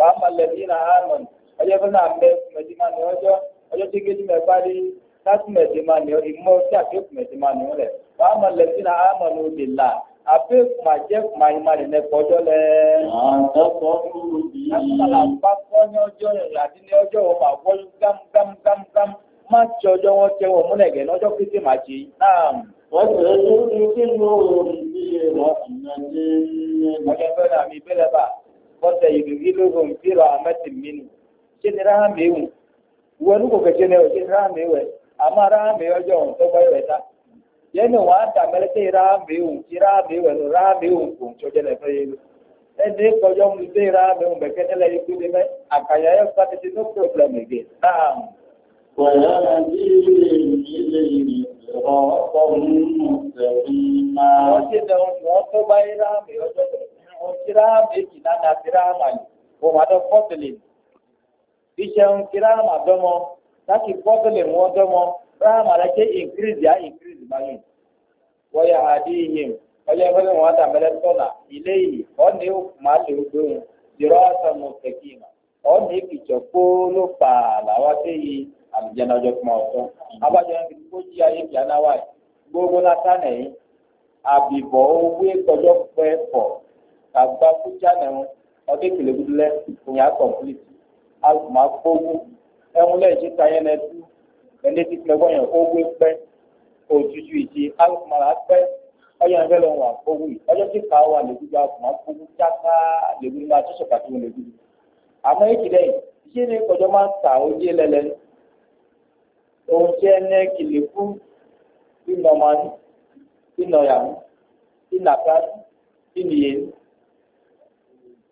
wàhálà lẹ́bí náà hàmán ọjọ́ fún náà mẹ mẹ̀tì máa ní ọjọ́ ọjọ́ tí kejì mẹ́ bá rí láti mẹ̀tì máa ní ìmọ̀ tí àkékù mẹ̀tì máa ní rẹ̀ wàhálà lẹ́bí náà wata yudhiluhum fi rahmatin minhu ṣe ni rahama ewu ìwọ ní kò kẹsẹ ní ọjọ rahama ewẹ àmọ rahama ewẹ ọjọ ohun tó gbọ ìwẹ ta yẹnu wọn á dà mẹlẹtẹ rahama ewu ti rahama ewẹ lọ kò ń tọjọ lẹfẹ yẹ lọ ẹni kọjọ mu dé rahama ewu bẹkẹ nílẹ yìí kú lẹfẹ àkàyà ẹ fà títí no kira beki nana kira mali o ma dɔ kɔtili bisɛn kira ma dɔmɔ taki kɔtili increase increase le o don dirɔsa mɔtɛkima ɔni kitsɔ kpolo paa la wa te yi alijana ɔjɔ kuma ɔtɔ abajɔ yɛn kiri kodzi ayi na gbogbo la ta nɛ yi abibɔ agba kutsa nɛ ŋu ɔke kele kudu lɛ onya kɔmpliti azuma kpogbo ɛŋu lɛ dzi ta yɛ nɛ du ɛnɛ ti kple gbɔnyɔ kpogboe kpɛ otutu iti azuma la kpɛ ɔyɔn fɛ lɛ ŋu akpogbo yi ɔyɔ ti ka wa le kudu azuma kpogbo tsaka le kudu ma tsɔsɔ kati ŋu le kudu ame yi ti lɛ yi ta o dzi lɛ ohun tí ɛnɛ kele ku inɔ ma nu inɔ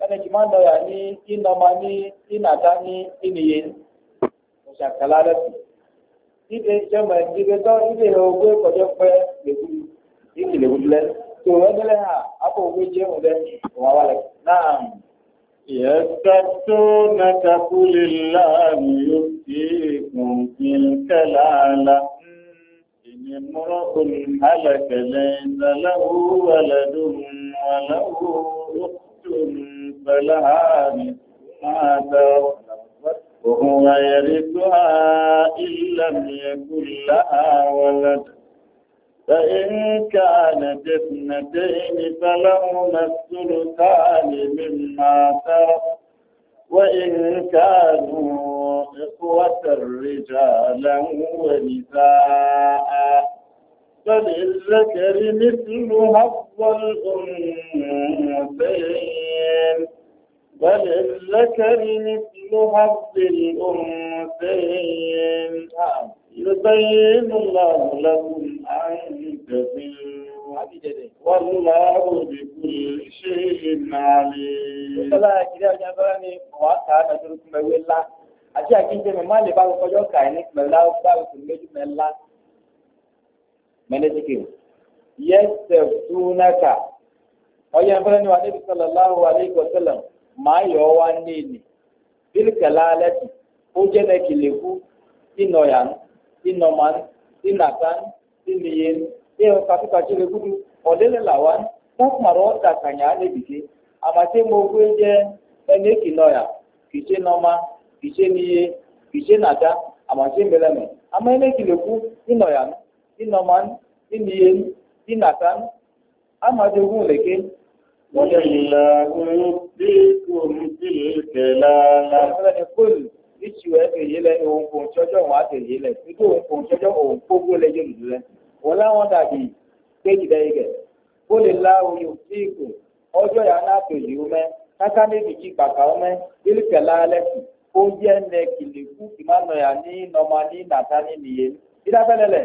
kana kiman da ya ni ina ma ni ina ta ni ini yin o sa kala da ti ibe jama ibe to ibe o gbe ko je pe le ku ibe le wule to wa dele ha apo gbe je o de o wa wale naam يستفتونك قل الله يفتيكم في الكلالة إن امرؤ هلك ليس له ولد فلها مثل ما وهو يرثها إن لم يكن لها ولد فإن كانت اثنتين فلهما الثلثان مما ترى وإن كانوا إخوة رجالا ونساء فللذكر مثل حظ الأنثيين وللذكر مثل حظ الأنثيين يبين الله لكم أن تفلوا والله بكل شيء عليم. àti àkíńjẹ mi máa lè bá kọjọ kà ní pẹ̀lú báwo kò lójú mẹ́la mẹ́lẹ́tìkì yẹ́sẹ̀ túnáka ọ̀yẹ́ nfẹ́lẹ́ ni wà níbi sọ̀lọ̀ láwọ̀ àlẹ́ ìkọ̀sẹ́lẹ̀. ma yọ wa nini bilikala alẹti o la wa kọkumarọ dakanya alebike amate mokoe jẹ ẹnẹ kinọya kitse nọma kitse niye kitse nata amate mbelẹmẹ ama ẹnẹ kileku inọyan inọman iniyen inatan amadegun leke. Wọ́lẹ̀lá orúkún tí kò tẹ̀ lára. Ẹ̀kọ́lù ìṣù ẹ̀kẹ̀yẹlẹ̀ ohun kò ṣọ́jọ́ wọn àtẹ̀yẹlẹ̀ tí kò ohun kò ṣọ́jọ́ ohun kógó lẹ́jọ́ lùdú rẹ̀. Wọ́n láwọn dàbí kéjì lẹ́yìnkẹ̀. Wọ́lẹ̀lá orúkún tí kò ọjọ́ yà náà pèlè ọmẹ káká níbi kí kàkà ọmẹ ìlúkẹ̀ lálẹ́kù oúnjẹ nẹ kìlẹ̀kù ìmánà yà ní nọmọ ní nàtà ní nìyẹn. Ìdábẹ́lẹ̀lẹ̀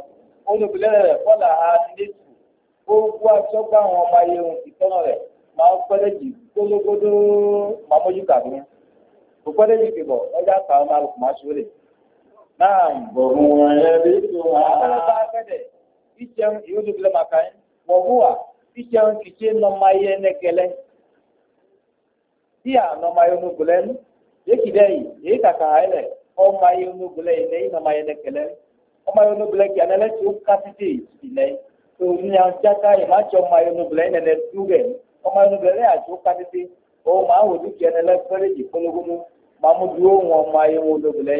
olùbílẹ̀ rẹ̀ kọ́là á létù ó kú àtọ́gbà àwọn ọba yẹun ìtọ́nà rẹ̀ máa ń pẹ́lẹ́ jì gbólógbódó máa mójú kàdú kò pẹ́lẹ́ jì kìbọ̀ ọjà kà á máa máa ṣe rè. náà bọ̀rùn ẹ̀rí tó wà. àwọn ọba akẹ́dẹ̀ ìjẹun ìhóòdùbílẹ̀ màkà yín wọ̀ hùwà ìjẹun kìí ṣe nọmọ ayé ẹnẹgẹlẹ tí à nọmọ ayé onugbọlẹ yékìdẹ yìí èyí kàkà ayẹlẹ ọmọ ọmayọnu blẹ kì anẹlẹ tí ó kásìtì ìlẹ tó ní àjàká ìmátsọ ọmayọnu blẹ nẹnẹ tú rẹ ọmayọnu blẹ lẹyà tí ó kásìtì ó máa wò dúkìá nẹlẹ fẹlẹ jì kólógónú máa mú dúró wọn ọmayọnu blẹ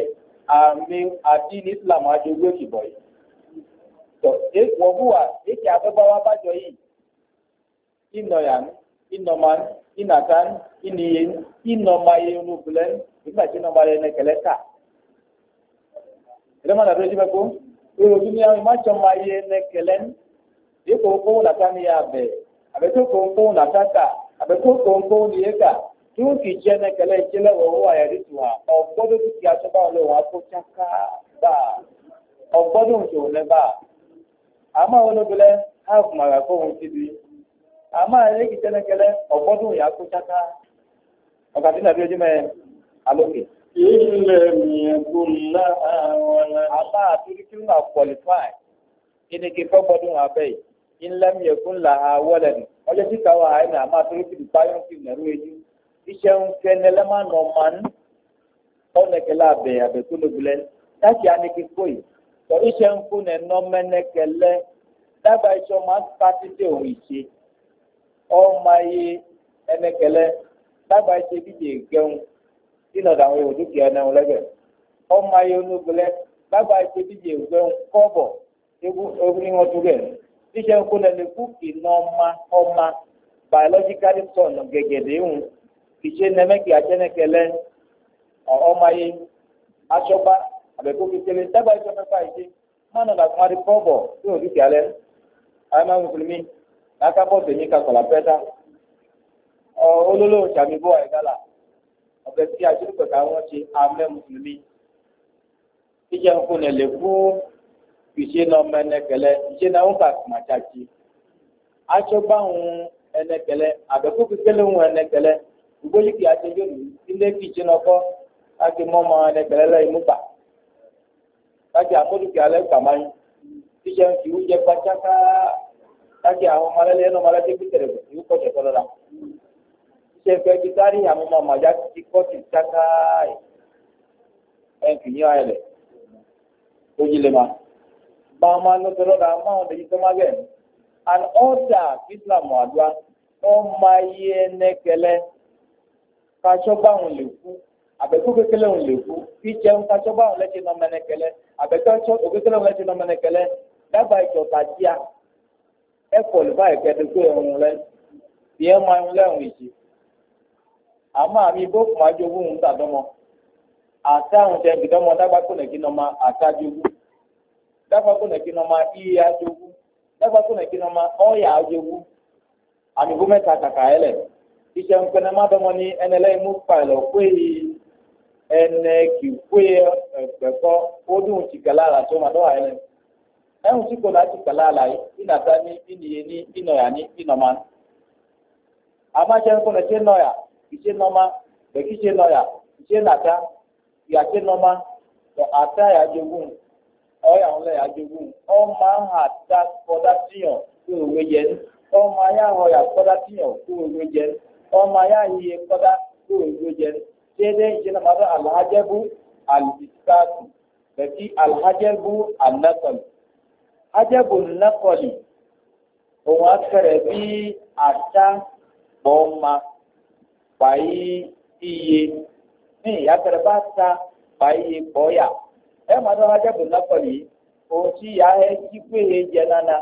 àmì àti ní islam adjogbo ìkìbọ yìí tọ èkó ọbúwa èkè abẹ́báwá bájọ yìí ìnọyàn ìnọman ìnàkan ìnìyẹn ìnọmayọnu blẹ nígbà tí ìnọmayọnu kẹlẹ ká rema na reji bako oyo dunia ma chama ye ne kelen ye ko ko na tani ya be abe to ko ko na taka abe to ko ko ni ye ka tu ki je ne kele je le wo wa ya ritu ha o bodo ti ki aso ba lo wa ko chaka ba o bodo nje o le ba ama wo lo bele ha ku ma ti ama ye ki je ne ya ko chaka na bi ojú Àmá àtúrí kí ló qualify inú kí fọ́gbọ́dún abẹ́ yìí, in lam yakun laha walad. Ọjọ́ tí kàwá àìní àmá àtúrí kí báyọ̀ fi nàró ejú. Iṣẹ́ ń fẹ́ nẹlẹ́mà nà ọmọ ní ọ̀nẹ́kẹ̀lẹ́ abẹ́ abẹ́ tó ló gbilẹ̀. Táàkì á ní kí kó yìí. Sọ iṣẹ́ ń kó nẹ nọ mẹ́nẹ́kẹ̀lẹ́. Dábàá iṣẹ́ máa sínú ọ̀dà àwọn èrò dúkìá náà lẹ́gbẹ̀ ọmọ ayé onugbẹlẹ bàbá ẹgbẹ díje ìgbẹ kọbọ egun ìwọn tó rẹ níṣẹ ń kó lẹnu kúkì náà ọma ọma biologically son gẹgẹdẹ ń kìṣe nẹmẹkì àjẹnẹkẹlẹ ọmọ ayé asọba àbẹkó kékeré dábàá ìjọ mẹfà ìṣe mọnà làkùnrin àti kọbọ tí ò dúkìá lẹ àwọn ẹmọ mùsùlùmí làákàbọ tèmi kakọlà pẹta olólùwò sàmì bọ ẹgbàlá. ọbẹ̀ tí àjùlùkọ̀tà wọn ṣe amẹ́ mùsùlùmí ìjẹ́ ńkú ni lè kú ìṣe na ọmọ ẹnẹkẹlẹ ìṣe na wọn kà kùmà tsatsi atsọgbà ẹnẹkẹlẹ kékeré ẹnẹkẹlẹ ilé kì na ọkọ káàkiri mọ́mọ́ ẹnẹkẹlẹ lẹ́yìn múgbà káàkiri àkọlùkì alẹ́ gbàmáyé ìṣe ìwújẹ àwọn ọmọ alẹ́ lẹ́yìn ọmọ alẹ́ ṣe vegetarian mo máa màjá ti kọ́ọ̀tì ṣákáì ẹ̀ ń fi yín ayẹlẹ̀ ó yí lè ma bá a máa lọ́sọ̀ lọ́dà máa ń lèyí tó má gẹ̀ and all that islam àdúrà wọ́n máa yí ẹnẹ́kẹlẹ́ katsɔ ba ŋun le ku abɛtɔ kekele ŋun le ku fitse ŋu katsɔ ba ŋun lɛ tsi nɔmɛ nɛ kɛlɛ abɛtɔ tsɔ o kekele ŋun lɛ tsi nɔmɛ nɛ kɛlɛ daba yi tsɔ ta dia ɛkɔli àmọ́ àmì bó kùmà jogún ń tàdọ́mọ àti àwọn tẹ bìdọ́mọ dágbàkú nàkí nọmọ àtàjogún dágbàkú nàkí nọmọ iye àjogún dágbàkú nàkí nọmọ ọ̀yà àjogún àmì bó mẹ́ta kàkà ẹ̀lẹ̀ iṣẹ́ ń pẹ́ná má dọ́mọ ní ẹnẹlẹ́yìn mú pàlọ́ péye ẹnẹ kì í péye ẹ̀pẹ̀kọ́ ó dùn ti kẹlẹ́ àlà tó má dọ́ àyẹ̀lẹ̀ ẹ̀hún tí kò láti kẹlẹ́ àlà yìí ìnàta ní ìnìyẹ ní ìnọ̀yà ní ìnọ̀mà àmọ́ iṣẹ́ ń pẹ́ná ṣe nọ̀yà iṣẹ́ nọ́mà bẹ̀kí iṣẹ́ nọ́yà iṣẹ́ nàta ìyàṣẹ́ nọ́mà tọ́ àtà ìyàjogún ọ̀yà ńlẹ̀ ìyàjogún ọmọ àtà kọ́dá tíyàn kó òwe jẹ ọmọ ayá ọ̀yà kọ́dá tíyàn kó òwe jẹ ọmọ ayá iye kọ́dá kó òwe jẹ déédéé iṣẹ́ nọ́mà tó alhajẹ́bù alìsíkáàtù bẹ̀kí alhajẹ́bù anakọ̀lì hajẹ́bù nakọ̀lì òun á kẹrẹ̀ bí àtà bọ́ọ̀ pai iye ní ìyàtọ̀ bá ta pai iye kọ́yà ẹ máa dọ́ra jẹ́bù lọ́pọ̀ yìí ohun tí ìyá ẹ jí pé e jẹ nana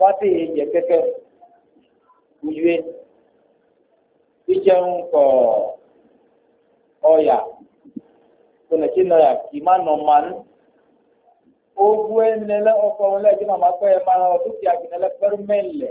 wá sí e jẹ kẹ́kẹ́ ìwé ìjẹun kọ̀ ọ̀yà tòlẹ̀tì náírà kì má nọ màá ní ogun ẹnlẹ ọkọ ọhún lẹẹdí màmá pẹ ẹ máa dúkìá kìnnìlẹ pẹrú mẹlẹ.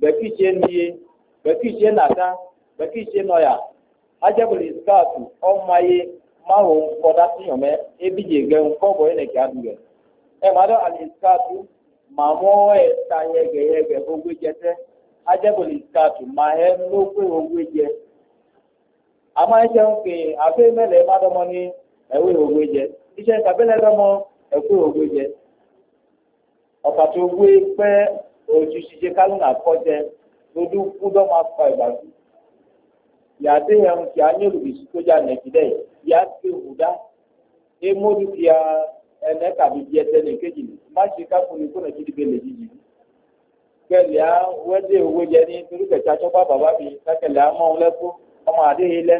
beki ichie n'ihe beki ichie n'ata beki ichie n'ọya ajabụl iskatụ ọmaye mahụ kpọdatịnyome ebije ge nkọbọ eneke adụge emado al E ma mụọ taye geyege ogwejete ajabụl iskatụ ma he n'okwe ogweje amaghịcha nke abụ emela emadọmọ ni ewe ogweje iche nkabelelọmọ ekwe ogweje ọkpata ogwe kpee ojú ṣiṣẹ́ kálùnà kọjẹ lójú kú lọ́ máa fa ìgbàdú. Yàtí ẹ̀rùn kì á nyẹ́rù bìsí tó jà nàìjíríà yìí, yà á ti hù dá. Ẹ mọ́dù á ẹnẹ́ kàbí di ẹsẹ̀ ní kejì ní. Má ṣe káfù ní kó nàìjíríà bẹ́ẹ̀ lè jìjì. Kẹ̀lẹ́ á wẹ́dẹ̀ owó jẹ ní torí bàbá mi, á ọmọ jọ lóhùn bàbá hà ilé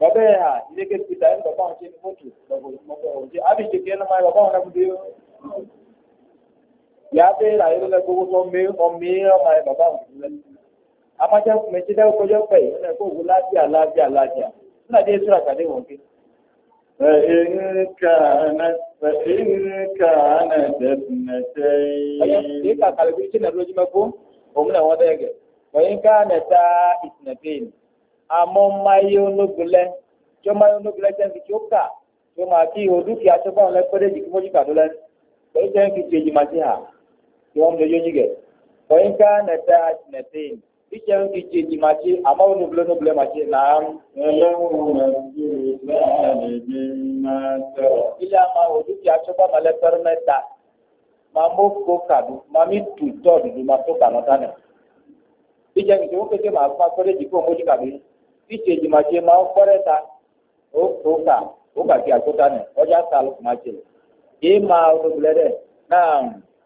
bàbá ṣe ní ya be la yo le go so mi o mi o ma e baba o le ama je me ti de ko je pe le ko wu la ti ala ti ala ti na de sura ka de won ke فإن كانت فإن كانت ابنتين. أيه كا كالبيت نروج مكو ومن هو ذاك فإن كانت اثنتين أما ما ينقله كما ينقله تنسي كوكا كما كي ودوك يا شباب لا كده ديك موجي كده لا. فإن كانت تيجي ما فيها tí wọ́n ń lójó yìí gẹ̀. Kọ̀yìnká nẹ̀tẹ́ àti nẹ̀tẹ́ yìí. Bíṣẹ́ ń kí jẹ́ jìmá tí àmọ́ ó nubilé nubilé mà ṣe nà án. Ilé àmà òdúkìá sọ́kọ́ malẹ̀ pẹ́rẹ́ mẹ́ta. Màá mú kó kàdú, màá mi tù tọ́ dùdú màá tó kànú tánà. Bíṣẹ́ ń kí wọ́n kéke màá fún akọ́lé jì kó mójú kàdú. Bíṣẹ́ jìmá ṣe máa ń kọ́rẹ́ ta. Ó kó kà, ó kà kí àkótánà, ọjà sàlù kùmá ṣe. Ìmà òdúbilé dẹ̀ náà.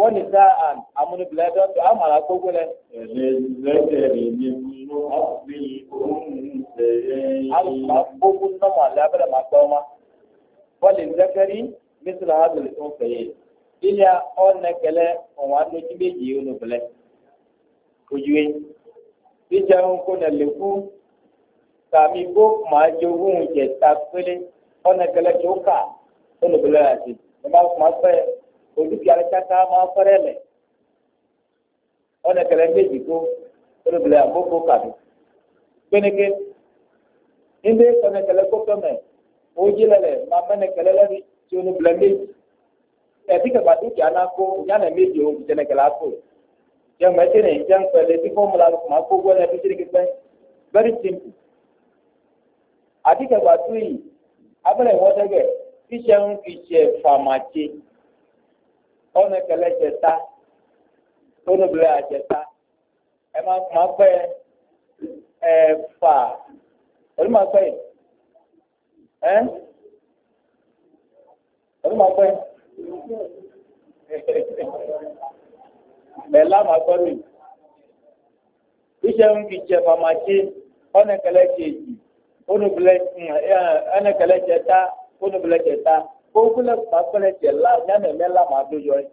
wọ́n ní sá àn amúnibìlẹ̀ dọ́tọ̀ àmàlà gbogbo rẹ̀. ẹ̀ẹ́dẹ̀gbẹ̀rẹ̀ ni mo máa fi òun ṣẹ̀yẹ. àmà gbogbo nọ́mọ alábẹ́rẹ́ máa gbọ́ ma. wọ́n lè zẹ́kẹ́rì mísìlá hàbìlì tó ń fẹ̀yẹ. ilé ọ̀nẹ́kẹ̀lẹ́ ọ̀hún adójú méjì onúbìlẹ̀. ojúwe ìjà ń kó nà lẹ́kú tàbí kó máa jẹ owó pélé ọ̀nẹ́kẹ̀lẹ́ tó kà onúbìlẹ̀ àti ìmọ̀ olùkí alẹ tsaka máa fẹrẹ lẹ ọnà kẹlẹ méjì kó olùbìlẹ àgbókò kàdó gbẹnẹkẹ níbi ọnà kẹlẹ kókè mẹ ojú lẹ lẹ máa mẹnẹ kẹlẹ lẹni tí olùbìlẹ méjì ẹtí kẹfà dúkì anakó yánà méjì o jẹnẹ kẹlẹ akó jẹmọ ẹtí nìyí jẹun pẹlẹ tí fọmùlà máa kó gbọ lẹ fitiri kẹfẹ very simple àti kẹfà dúyì abẹlẹ wọdẹgẹ iṣẹ ń fi ṣe fàmàtse. Ọnụ ekele jẹta tónúbilẹ̀ àjẹta ẹ máa kọ́ máa pẹ́ ẹ fà olú máa pẹ́ ẹ olú máa Ekele bẹ̀lá máa kọ́ mi iṣẹ́ ń kì ogúnlẹ̀ kpakpẹ́lẹ̀ tẹ̀ la nyamẹ̀mẹ́ la ma do yọ yi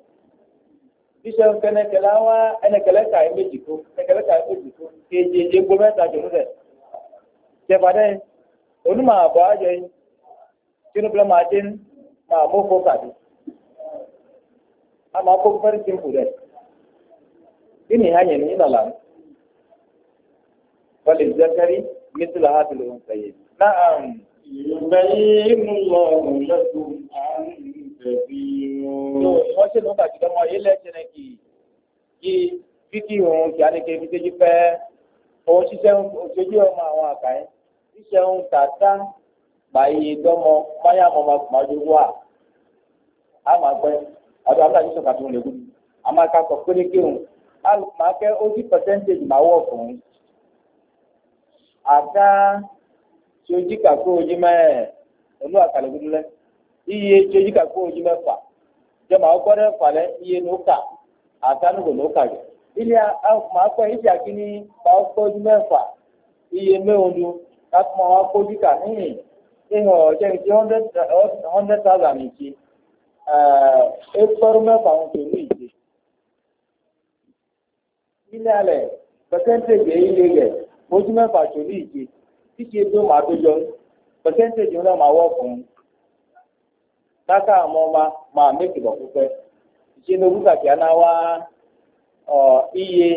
bísọ̀ nkẹ́nẹ́kẹ́ la wá ẹnẹkẹ́lẹ́ ka ẹ̀mẹ́ dìbò ẹnẹkẹ́lẹ́ ka ẹ̀mẹ́ dìbò kéjèjé gbọmẹ́ ta jòló dẹ̀ tẹ̀fà dẹ̀ onímọ̀ àbọ̀ ayọ yi ma dé ma mó fó kàdé ama kó fẹ́rẹ́ simple dẹ̀ يبين الله لكم أن تبينوا wọ́n ṣe ló ń gbàgbé ọmọ yìí lẹ́sẹ̀ náà kì í kí fíkì òun kì á ní kí fíjẹ́jú pẹ́ òun ṣiṣẹ́ òṣèjú ọmọ àwọn àkàyẹ́ ṣiṣẹ́ òun tàtà gbàyè dọ́mọ máyà mọ́ máa kùmà ojú wà á máa gbẹ́ àti àbúrò àti fún un tso dzi kakó wodzi mɛ enu akalẽgudu lɛ iye tso dzi kakó mɛ fa jɔma wokɔ ɖe fa lɛ iye no ka atanugo no ka ilia ma yi kini ma mɛ fa iye mɛwodu kakuma wakɔ dzi ka ɛɛ ekpɔru mɛ fa ilia lɛ gɛ mɛ fa tso títí ebi ó máa tó yọ pẹ̀sẹ́ńtéèjì ńlá máa wọ̀ ma un káká àwọn ọmọ máa mẹ́kìlọ̀ púpẹ́ ìṣẹ́ni olùkàkì àná wá iye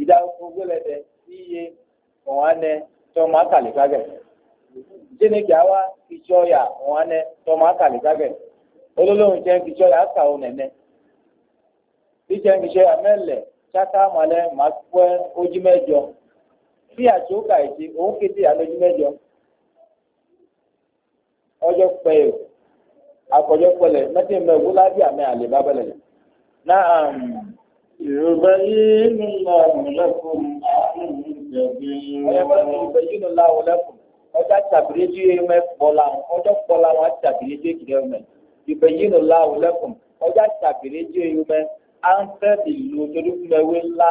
ìdáwọ́gbọ́lẹ́dẹ iye wá kìtsọ́yà ọ̀hánẹ tọ́mọ àkàlẹ́gbàgẹ̀ olólùwọ̀n ìṣẹ́ kìtsọ́yà àkà ò nẹ̀nẹ́ ìṣẹ́ kìtsọ́yà tí àjò kà èsì òun kété àlejò mẹ́jọ ọjọ́ pẹ̀yò akọjọ pẹlẹ mẹtí mẹ wúlábí àmì àlè bá bẹlẹ lẹ. náà yorùbá yìí ń lọ lẹ́kùn jẹ̀bi. ọjọ́ bá ti ìgbẹ́ yìí ń lọ lẹ́kùn ọjọ́ àtàbíyéjú ẹ̀mẹ́ pọ̀la ọjọ́ pọ̀la wọn àtàbíyéjú ìkìlẹ̀ ẹ̀mẹ́ ìgbẹ́ yìí ń lọ ọjọ́ àtàbíyéjú ẹ̀mẹ́ à ń fẹ́ ìlú torí fún ńlá.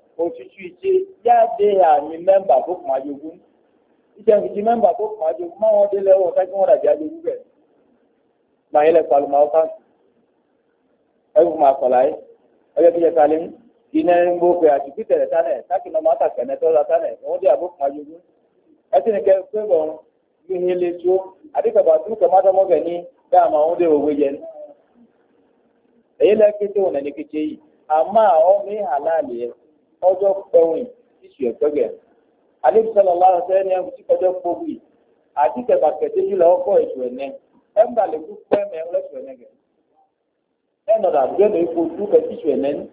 òtútù ìṣe jáde àmì mẹ́mbà tó kùn àjogún ìṣe ìṣe mẹ́mbà tó kùn àjogún máa wọ́n dé lẹ́wọ́ kájú wọn dàbí àjogún bẹ̀. màá yẹlẹ pàlù màá kàn ẹ kò máa kọ̀lá yẹ ẹ bẹ kíjẹ kalẹ̀ ń iná ń gbó pé àtìkú tẹ̀lẹ̀ tánẹ̀ táàkì náà máa tàkẹ́ ní tọ́lá tánẹ̀ wọ́n dé àbó kùn àjogún ẹ sì ní kẹ pé bọ̀ gbìyìn lè tó àdìgbàgbà tó kẹ má dánmọ́gẹ̀ ní bẹ́ẹ̀ àmọ́ àwọn òde òwe yẹn èyí lẹ́kẹ́tẹ́ òun ẹni kẹ́kẹ́ yìí àmọ́ àwọn mi hàlá nìyẹn ọjọ́ pẹ̀wìn tíṣù ẹ̀gbẹ́gbẹ̀. alẹ́bíṣẹ́lẹ̀ ọ̀la ẹni ẹ̀kú tí kọjọ́ pọ̀wù yìí àti kẹ̀kà kẹ̀tẹ́ jùlọ ọkọ̀ ètò ẹ̀nẹ́ ẹ̀mbà lè kú pẹ́ẹ́mẹ̀ ẹ̀rọ̀lẹ́sù ẹ̀nẹ́ gẹ̀. ẹ̀nà dàbíyẹ̀ ẹ̀nẹ́ ní. ẹ̀nẹ́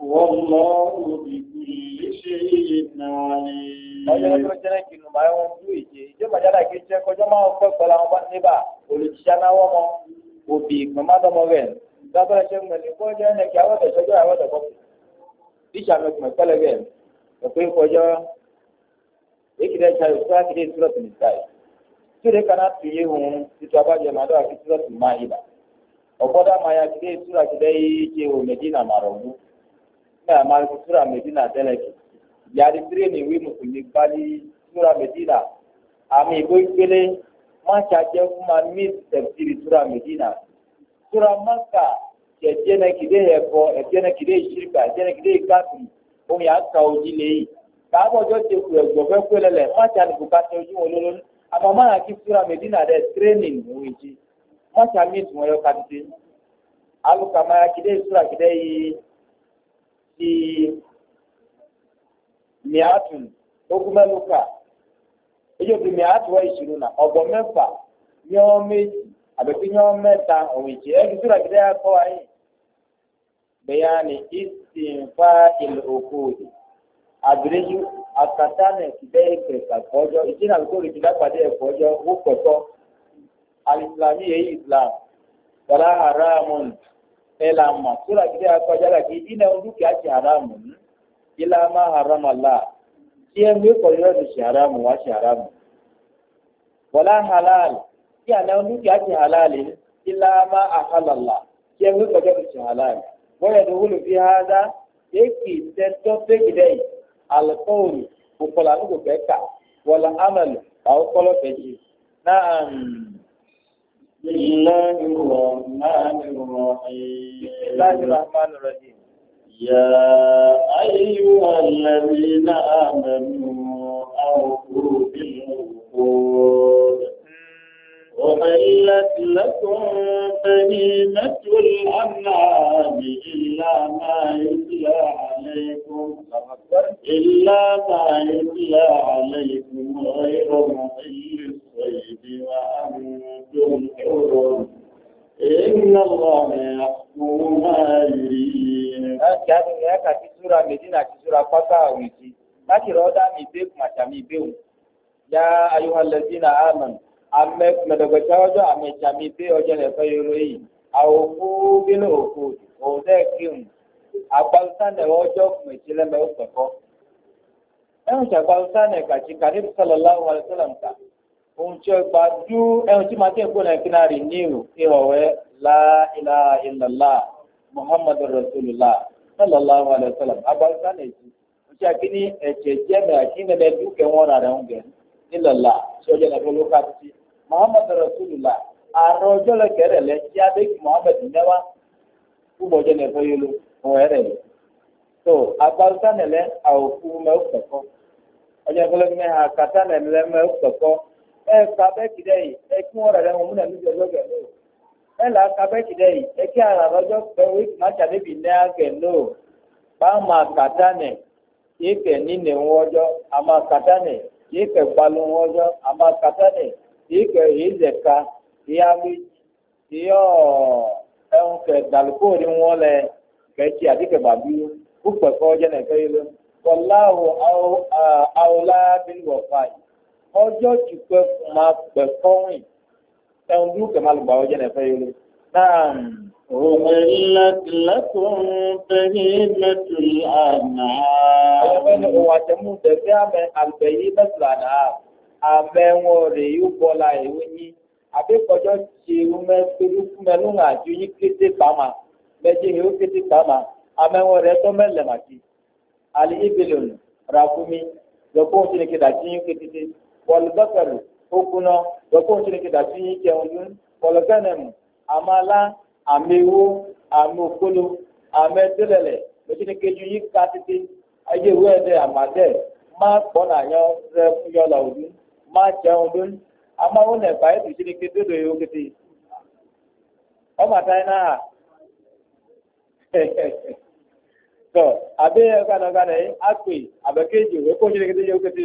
Wọ́lọ́wọ́ ìgbìyànjú ṣe iye náà ni. Ọjọ́ tó jẹ́ kí nù máa ń dú ìje. Ìjọba jáde kí jẹ́ kọjọ́ máa ń pẹ́ pẹ̀lú àwọn bá níbà. Olùjíṣẹ́ náwó mọ́. Òbí ìgbìmọ̀ má dọ́mọ rẹ̀. Dábàá ṣe mẹ̀lẹ́ kọ́ jẹ́ ẹnì kí àwọn ọ̀dẹ̀ṣọ́jọ́ àwọn ọ̀dẹ̀kọ́. Ìṣà mi kùmẹ̀ pẹ́lẹ́ rẹ̀. Ọ̀pẹ́ kọjọ́. Èkìdẹ́ ṣayọ̀ fún àkìdé ìtúrọ̀tì nìkan. Tíde kana tùyé hun títú abájọ màdó àkìtúrọ̀tì máa yìí bá. Ọ̀gbọ́dá máa ya kìdé ìtúrọ̀tì lẹ́yìn ìjẹ́ òmẹ̀dínà màrọ̀gún. náà máa ń sura medina tẹ́lẹ̀ yari yàrá tírẹ́nì ìwé mùsùlùmí gbálí sura medina ya ìbò ìpele máa ma mí sura medina sura maka ẹ̀jẹ̀ náà kìdé ya ka ojú lé yìí kàábọ̀jọ́ ti kù ẹ̀gbọ́ fẹ́ kú ẹlẹ́lẹ̀ sura medina di miatun ogun mẹ́lúkà èyí ò fi miatun wá ìṣirò náà ọ̀gbọ̀n mẹ́fà ní ọ́n méjì àbẹ̀fí ní ọ́n mẹ́ta ọ̀hún ìjì ẹ̀rí tó ràgídẹ́ akọ́ ayé bẹ́yà ni ìsìnfà ilẹ̀ òkú òdì àbẹ̀rẹ̀yù àkàtánà ìbẹ́ ìpẹ̀sà kọjọ́ ìdínà àbíkó rèé lápàdé ẹ̀kọ́ ọjọ́ ó pẹ̀tọ́ alìsìlámì èyí ìsìlám wàlá haramun ela ma sura kide akwa jala ki ina unduki achi haramu ila ma harama la kiye mwe kwa yote shi haramu wa shi haramu wala halal kiya na unduki achi halali ila ma ahala la kiye mwe kwa yote shi halali wala duhulu fi hada yeki teto peki dei alqawli ukola nuko beka wala amal au kolo peji naam بسم الله الرحمن الرحيم يا أيها الذين آمنوا أوفوا بالعقود وحلت لكم بهيمة الأنعام إلا ما يتلى عليكم إلا ما يتلى عليكم غير محل بالغيب وأنتم حر إن الله يحكم ما يريد. Láti ẹ̀ka ti súra Mèdínà ti súra pátá àwìn sí. Láti rọ̀ dá mi ìbéèkù màtàmí ìbéèkù. Yá ayélujára àmàlù. Àmẹ́ mẹ̀dọ̀gbẹ̀ta ọjọ́ àmì ìjàmí ìbé ọjọ́ ẹ̀fẹ́ yòrò yìí. Àwòkú bínú òkú òun dẹ́ kírun. Àgbàlùsá nẹ̀ ọjọ́ kùmẹ̀tì lẹ́mẹ̀ọ́ pẹ̀kọ́. Ẹ̀hùn ṣàgbàlùsá nẹ̀ kàtí kàdébùsọ̀lọ́lá oúnjẹ gbajú ẹun tí màá tẹ̀kọ́ náà kí náà rí níwò ìwọ̀wẹ́ láìlá ìlàlá muhammadu rasulillah sallallahu alayhi wa sallam agbára náà èjì oúnjẹ akíní ẹ̀jẹ̀ jẹ́mi àkínnẹ́lẹ́ dúkẹ́ wọn rà ń gẹ̀ nílàlá tí ká títí muhammadu rasulillah àrùn ọjọ́ tí a bẹ́ẹ̀ kí muhammadu kúbọ̀ náà ọ̀rẹ́ rẹ̀ náà àwòkú kọ̀kọ́ ọjọ́ ẹ̀ka bẹ́ẹ̀kì dẹ́ yìí ẹ̀kí wọn rẹ̀ wọn múnà níbi ọjọ́ ẹ̀là ka bẹ́ẹ̀kì ẹ̀kí àrà lọ́jọ́ pẹ̀wé ìmájà níbi náà gẹ̀lò bá máa kàtá nẹ̀ yìí wọn ọjọ́ a máa kàtá nẹ̀ gbalu wọn ọjọ́ a máa kàtá ẹ̀hún lẹ bàbí kọ́ ọjọ́ àwòlá bí ọjọ́ tukọ̀ máa pẹ̀ fọ́wìn ẹ̀hún bí wùkẹ́ máa lù gbàwọ́ jẹ́ nẹ̀fẹ́ yìí lé. أُحِلَّتْ لَكُمْ بَهِيمَةُ الْأَنْعَامِ Ẹ̀fẹ́ni òun àtẹ̀mú tẹ̀fẹ́ àmẹ́ àgbẹ̀yí mẹ́tìlá náà. Àmẹ́ wọn rèé yóò bọ́lá ìwé yín. Àbíkọjọ́ ti rúmẹ́ torí fún mẹ́lú àjò yín kété pàmà. Mẹ́jẹ̀ yóò kété pàmà. Àmẹ́ wọn rẹ̀ tọ́ wọlbẹkẹlù okuna dọkùn tsinike dàtí yín kẹun dún wọlọkẹnẹmù amala amewo ameokolo ametẹlẹlẹ lọtsinike ju yín ká títí ayé wẹ dẹ amadẹ má kpọ nànyọ rẹ fúnyọ la o dún má jẹun dún amawo nẹ báyìí tó tsinike dodo yìí ó kété ọmọ àtàyè náà tọ abe ẹgbẹ anagbana yìí akpè abẹkẹjì òwe kó tsinike tó yẹ ó kété.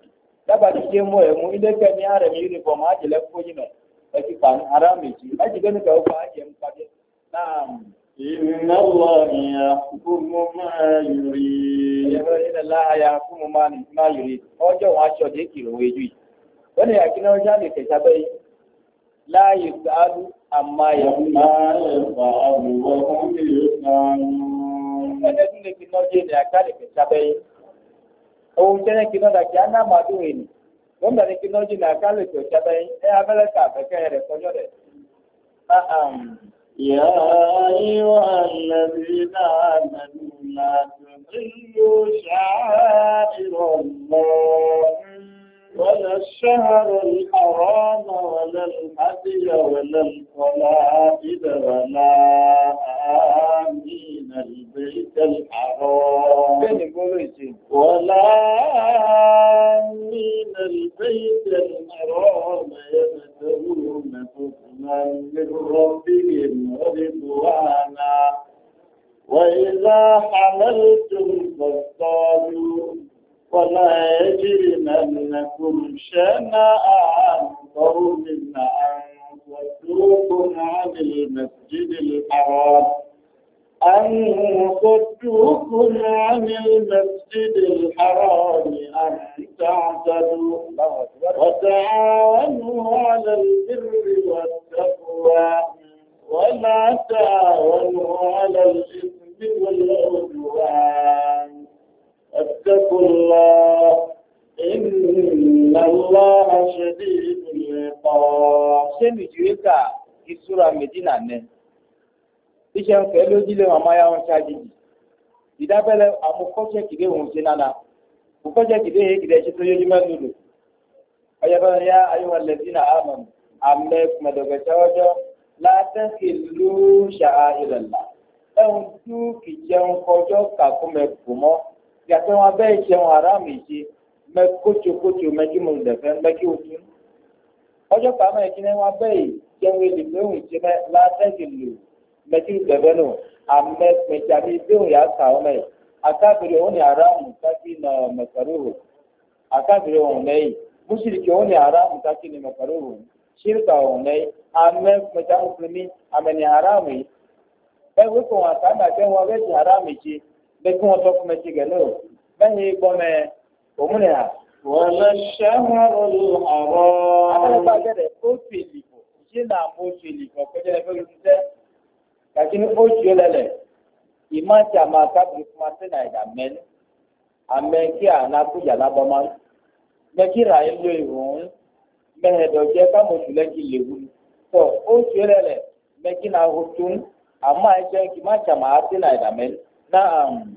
daba ti ke mo emu ile ke mi are mi uniform aje le ko yin e ti pa ni ara mi ji aje gani ka o pa mu inna yahkumu ma yuri ma ni ma yuri wa de ki ro ya ke la yusalu amma wa yusalu ki no je ke ohun tẹ́lẹ̀ kí náà dàkí aná màdù èlì gómìnà ní kí náà jìnnà kálẹ̀ tó jábẹ́ ẹ abẹ́lẹ́ ta àbẹ̀kẹ́ rẹ̀ kọjọ́ rẹ̀. يا أيها الذين آمنوا لا تضلوا شعائر الله ولا الشهر الحرام ولا الهدي ولا القلائد ولا آمين البيت الحرام ولا آمين البيت الحرام يبتغون حكما من ربهم ورضوانا وإذا حملتم فاصطادوا ولا يجرمنكم شنآن قوم أن صدوكم عن المسجد الحرام أن صدوكم عن المسجد الحرام أن تعتدوا وتعاونوا على البر والتقوى ولا تعاونوا على الإثم والعدوان اتقوا الله إن الله شديد العقاب sẹ́mi jùlẹ́kà ìṣúra mẹ́dínà nẹ́ iṣẹ́ ń fẹ́ lójúlé màmá yà wọn ṣáájì ìdábẹ́lẹ́ àmúkọ́ṣẹ́ kìdé òun ṣe nánà òkọ́ṣẹ́ kìdé yìí kìdé ṣe tó yójú mẹ́rin lò ọ̀yẹ́bẹ́rẹ́ yá ayéwà lẹ́dínà àmọ́ àmẹ́ mẹ́dọ̀gẹ́sẹ́ ọjọ́ látẹ́kì lóṣà ìrẹ̀lá ẹ̀hún tú kìjẹun kọjọ́ kàkúmẹ̀ kùmọ́ gake wọn abẹ́ ìṣe wọn aráàmù ìṣe mẹ kótsokótso mẹ kí mo dẹ̀fẹ́ mẹ kí o tún. ọjọ́ pàmò ẹ̀kí ni wọn abẹ́ ìṣe wọn èlé pé òun ṣe mẹ látẹ́jì lò mẹ kí o dẹ̀fẹ́ nù amẹ mẹjà mi bí òun yà sà ọmọ yìí akábìrì òun ni aráàmù kákí nà mẹkàrú rò akábìrì òun mùsùlùkì òun ni aráàmù kákí nà mẹkàrú ṣírìkà òun lẹ́yìn amẹ mẹjà mùsùlùmí amẹni aráàmù yìí ẹ bẹ́ẹ̀ kí wọ́n tọ́ fún mẹ́tì gẹ̀ náà bẹ́ẹ̀ ni gbọ́ mẹ́ òmùnì à. wọ́n lọ ṣẹ́wọ́n olùhàrọ́. akẹ́lẹ́gbà gẹ̀rẹ̀ ó fi ìlìbò ṣé náà mo fi ìlìbò kọjá ẹgbẹ́ ló ti tẹ́ kàkí ni ó ṣe lẹ́lẹ̀ ìmọ̀ àti àmà kábìrì fún asẹ́nà ìdá mẹ́nu àmẹ́ kí àná lábọ́mọ́ mẹ́kìrà ìlú ìrùn mẹ́hẹ̀dọ̀jẹ́ kámọ̀tìlẹ́kì lèwu tọ́ ó ṣe lẹ́lẹ̀ mẹ́kìnà hotun àmọ́ ẹ̀jẹ̀ kì má ṣàmà asẹ́nà ìdá mẹ́nu. na'am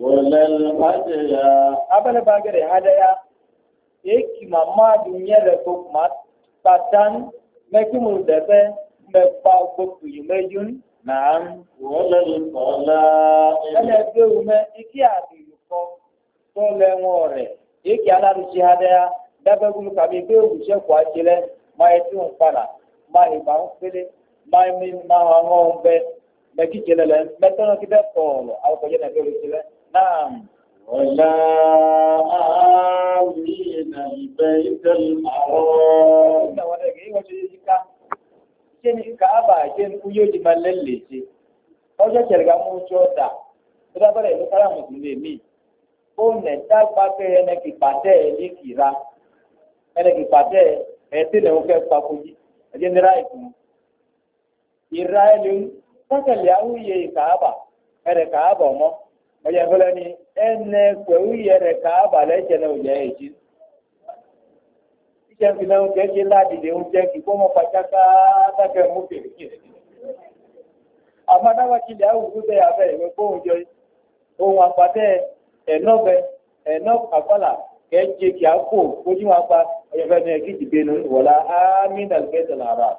walal hadaya abala bagare hadaya eki mama dunyere ko mat patan mekimul dete mekpa gbogbo yumejun na'am walal qala ana deume iki adiyu ko to lewon re eki alaru ji hadaya dabe gulu kabi be oguse ko ajile ma etun para ma iba n pele ma mi ma awon be mẹkìtì lẹlẹ mẹtọrọ kí bẹẹ kọ àwọn kọjá náà lórí tilẹ náà. ولا آمين البيت الحرام jẹni kaaba jẹni kuyó di ma lẹlẹ ṣe ọjọ kẹrìkà mú ojú ọdà tó bá bẹrẹ ìlú sára mùsùlùmí mi ó nẹ dágbà pé ẹnẹkì pàtẹ ẹni kìra ẹnẹkì pàtẹ ẹtí lẹwọn fẹẹ pa kojú ẹjẹ nira ìkùn ìra ẹni kọ́kẹ̀lẹ̀ awúyẹ kàába ẹ̀rẹ̀ kàába ọmọ ọ̀yẹ̀ fúnlẹ̀ ni ẹnẹ pẹ̀wúyẹ rẹ̀ kàába lẹ́jẹ̀ náà òjẹ́ èjì. iṣẹ́ fi náà oúnjẹ ṣe ládìde oúnjẹ kí kó pàjáká mú àmọ́ ìwé ohun àpàtẹ ẹ̀nọ́bẹ ẹ̀nọ́ kẹ́ẹ́ kí á kó ojú wọn pa ọ̀yẹ̀fẹ́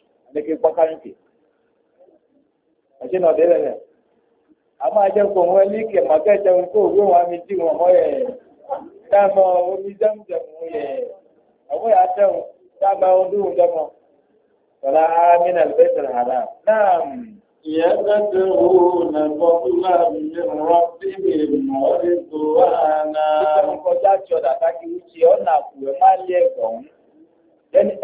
leke kpaka ŋuti ɛtsi nɔ de lɛ lɛ ama dze ko ŋu ɛli ke ma ke dze ko owu wa mi ti ŋu yɛ dama omi dɛm dɛm ŋu yɛ ɛmu yɛ atɛ ŋu dama wo du ŋu dɛmɔ wala ami na lebe tɛ hã la naam. yɛ ɛsɛ wo na fɔ fula mi rɔ.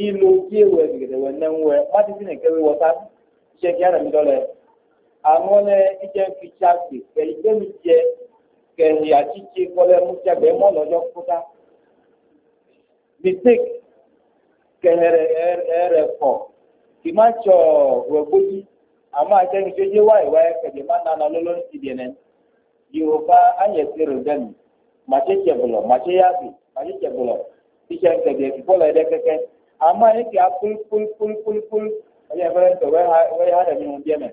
ilo kie wɛ gɛgɛdɛ wɛ nɛ wɛ mati fi ne ke wɛ wɔta tse kia na mi dɔ lɛ aŋɔ lɛ itse fi tsa gbe kɛ ite mi tse kɛ hi atitse kɔlɛ mu tsa gbɛ mɔ lɔdzɔ kuta mistake kɛ ɛrɛ ɛrɛ kɔ kìí máa tsɔ wɛ gbódì àmọ́ àtẹnu tó yé wáyé wáyé kẹ̀dẹ̀ má nana lọ́lọ́ ní ti dìẹ̀nẹ́ yorùbá ayẹ̀sẹ̀ rẹ̀ dẹ́nu màtí tsẹ̀ bọ̀lọ̀ màtí yáàbì màtí tsẹ̀ bọ̀lọ̀ tìtsẹ̀ kẹ̀dẹ̀ fífọ́ lọ ẹ̀dẹ́ kẹ́kẹ́ amma yake ya kul kul kul kul kul wani ya fara da wai hada min wani yana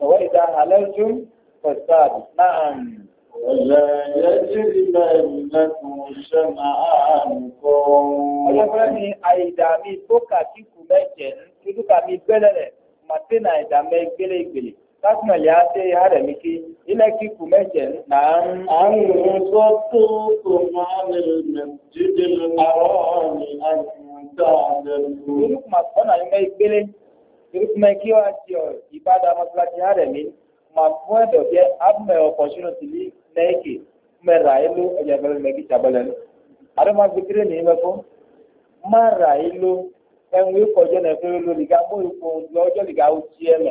da wai da halarcin fasad na'am ولا يجرمنكم شمعان قوم Ọlọ́pàá ni àìdá mi tó kà kíkù mẹ́jẹ̀ ń dúdú kà mí gbẹ́lẹ̀ rẹ̀, màtí nà àìdá mẹ́ gbélé gbèlè kásìmọ̀ lè ṣe ààrẹ mi kí ilẹ̀ kíkù mẹ́jẹ̀ náà ń. àrùn tó tó kò máa lè lè jíde lọ́wọ́ ní àyùntà lẹ́nu. irúkùmá sọ́nà ni mẹ́ gbélé irúkùmá kí wàá ti ọ̀ ìbádàá mọ́tíláṣí ààrẹ mi mà fún ẹ̀dọ̀ jẹ́ abúmẹ̀ ọ̀pọ̀ṣúná ti ní nẹ́ẹ̀kì mẹ́ra ìlú ọjà ìbẹ̀rẹ̀ mẹ́kì ìjàbọ̀lẹ̀ ní. àdọ́mọ́ gbẹgbẹrẹ nìyí mẹ́fọ́ má ra ìlú ẹ̀wọ̀n ikọ̀ jẹ́ nà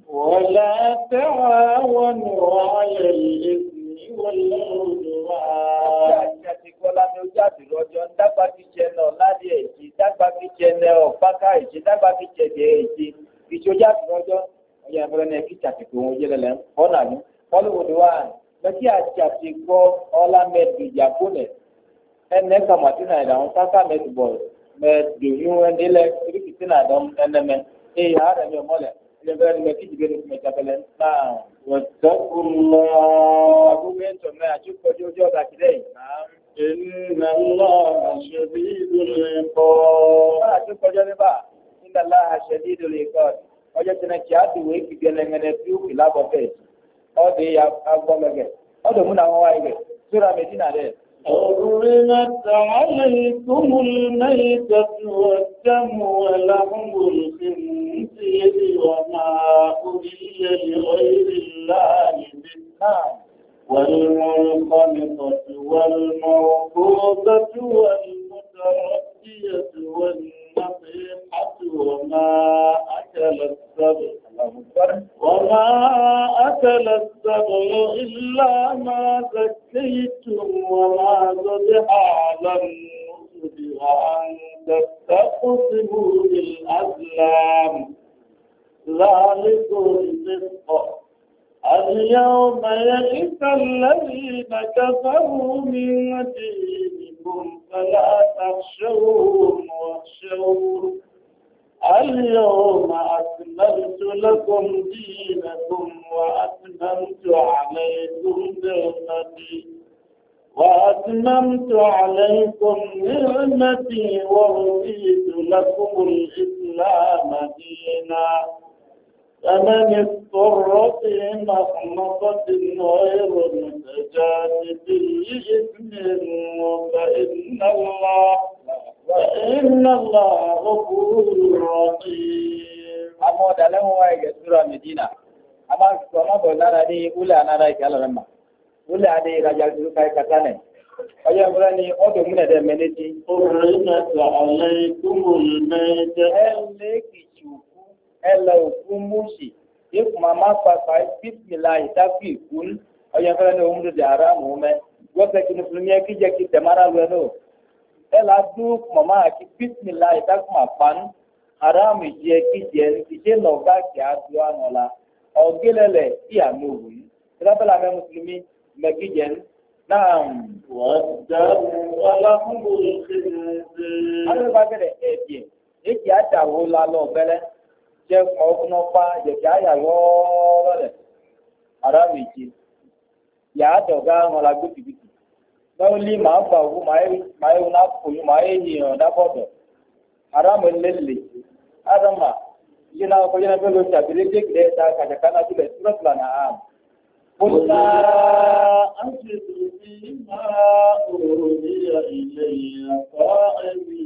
ولا تعاونوا على الإثم والعدوان Ìkọlá ni ojú àdúrà ọjọ́ ń dágbà kíjẹ náà láti èjì, dágbà kíjẹ náà ọ̀páká èjì, dágbà kíjẹ dé èjì. Ìjọjá àdúrà ọjọ́ ọ̀yà ìfọ̀rọ̀ ní ẹ̀kí ìjàtìkọ̀ ohun ojú ẹlẹ́lẹ̀ ń fọ́ náà ní. Bọ́lúwòdì wa lọ́kí àjàtìkọ̀ ọlámẹ́dì ìyàgbọ́nẹ̀. Ẹnẹ́ kàmàtí náà ìdáhùn sáká mẹ́tì bọ̀ọ̀ mẹ́ẹ̀dùn yún ẹ̀ńdílẹ̀ kìrìkìtì náà ẹ̀nẹ́mẹ́. Èyí àárẹ̀ mi ò mọ́lẹ̀ jabal mekiji bɛ nukumɛ jabalɛ naa wasakunlɔɔ a ko bɛ n tɔmɛ a ti kɔjɔ jɔ ka kiri ye. inna allah shadidul iqab. a ti kɔjɔ ne ba inna allah shadidul iqab. ɔjɔ tɛnɛ kí a ti wo eki gɛlɛngɛlɛ fiw kila bɔ fɛ ɔdi agbɔmɛgɛ ɔdi mun na wọn wa medina dɛ. حرمت عليكم الميتة والدم ولهم الخنزير وما أهل لغير الله منها والمنخنقة والموقوطة والمتردية والنصيحة وما أكل السبب وما أكل السبع إلا ما زكيتم وما ذبح على النصب وأن تتقسموا بالأزلام ذلكم فسق اليوم يئس الذين كفروا من دينكم فلا تخشوهم واخشوهم اليوم أكملت لكم دينكم وأتممت عليكم نعمتي وأتممت عليكم نعمتي ورضيت لكم الإسلام دينا فمن اضطر في مخمصة غير متجانب لإثم فإن الله فإن الله غفور رحيم أما دلهم وايك سورة مدينة أما سورة بلنا دي أولى أنا رايك على رمى أولى دي رجال سورة Ọjọ́ ìgbọ́lá ni ọdún múlẹ̀ dẹ̀ mẹ́lẹ́ mú mẹ́. Wọ́n fẹ́ kí kí lọ náà. ɛla e e do mɔmɔ aki bisimila itakuma kpan haramu jɛ kijɛ kijɛ nɔga kia do anɔ la ɔgele lɛ iya n'owu yi tɛlɛtɛ la mɛ musulumi mɛ kijɛ naam. wàdàrú alákùnrin ṣẹlẹ̀. alóba kẹlẹ ẹbí la lọ yàá la lọ́wọ́lì màá gbà owó màá yẹ̀wò náà ko yìí màá yẹ̀yìn ọ̀dàbọ̀dọ̀ haram lẹ́lẹ̀ adama yìí náà kọjá náà bẹ́ẹ̀ ló ti àbẹ̀rẹ̀ kékeré ta kàjàká náà tó lẹ̀ sílẹ̀ fúlà náà hàn. Bùsà àṣetò ní máa òrò ní ilé ta ẹ̀mí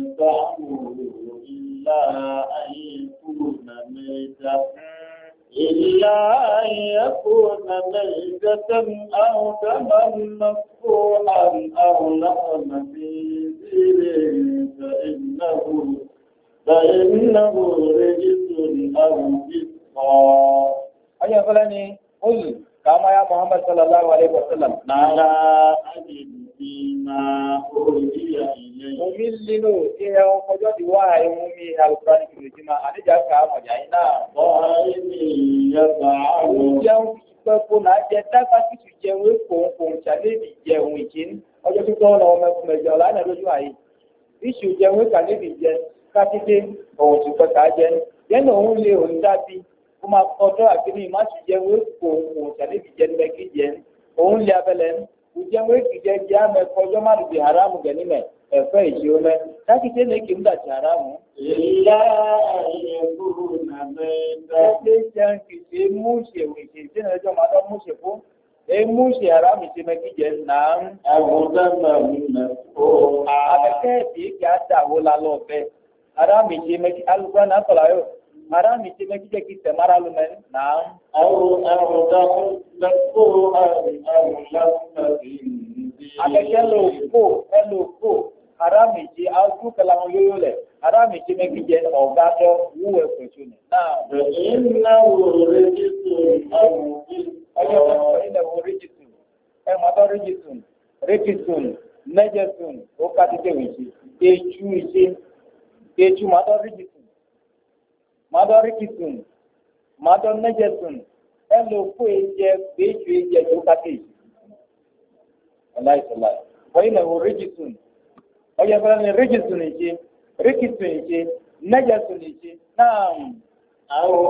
ìyàtọ̀ àmọ̀ òrò ìlà ayé me ta illa yakuna majdatan aw kaman mafuhan aw lahum bi innahu fa innahu rajulun aw bisqa aya falani ul kama ya muhammad sallallahu alaihi wasallam nara ajibi Omi lílò tí ẹ ọjọ́ ti wá ẹ̀hún mi alùpùpù kìlò jí máa àdíjà ká àmọ̀já yìí náà. Ọ̀rẹ́ mi yàgbà àwọn. Jẹun fi pẹ́ kó náà jẹ dágbà tí tù jẹun èkó òun ṣàlébì jẹun ìkíní. Ọjọ́ tó tọ́ lọ ọmọ ẹkùn ẹ̀jọ̀ lánàá lójú àyè. Iṣu jẹun ìkàlébì jẹ kákídé ọ̀hún ti pẹ́ ká jẹ. Yẹ́nà òun lé òun dábí. Ó máa kọjọ́ àgbélé má ti jẹun èkó òun ṣàlébì jẹ ujenwe ekije ji ame kọjọ mmadụ ji haramu gị n'ime efe iji ome kakite na eke mdachi haramu ẹgbẹ́sẹ̀ nkìtì múṣe wìkì tí ní ọjọ́ màdọ́ múṣe fún Emuche haramu a harami ti mẹ́kí jẹ́ kí tẹ̀mára ló mẹ́ náà. Àwọn àrùdá lẹ́kọ̀ọ́ àrùdá Akẹ́kẹ́ ló kó ẹ ló kó harami ti ajú akwụkwọ àwọn yóyó lẹ̀ harami ti mẹ́kí jẹ́ ọ̀gá madɔrikisun madɔnɛjɛsun ɛlòkó edze gbɛtsu edze tó kake ɛlayi sɔla wɔyi lɛ wò rikisun ɔyɛ fɛlɛ ni rikisun edze rikisun edze nɛjɛsun edze naam. awo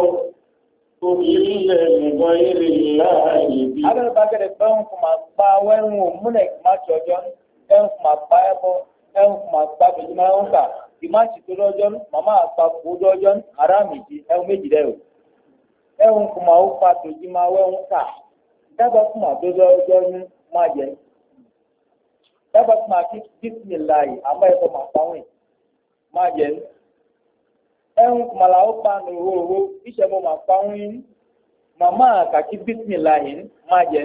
obìnrin lè mọ eré láàyè bí. abẹ́rẹ́ bá kẹ́rẹ́ fẹ́ ń kuma pa wẹ́rùn-ún múnẹ̀ má jọjọ́ ẹ̀ ń kuma pa ẹ̀bọ ẹ̀ ń kuma pa bìjìmá ń kà. ìmáàtì tó lọ́jọ́ ní màmá àpapọ̀ lọ́jọ́ ní aráàmìjì ẹ̀hún méjì rẹ̀ o ẹ̀hún kò máa ń fa tòjì máa wẹ́hún kà dábàá kò máa tó lọ́jọ́ ní máa jẹ dábàá kò máa kí bísí láàyè àmọ́ ẹ̀kọ́ máa pa wọ́n máa jẹ ẹ̀hún kò máa làwọn pa ní owó owó iṣẹ́ mo máa pa wọ́n yín màmá àkàkí bísí láàyè máa jẹ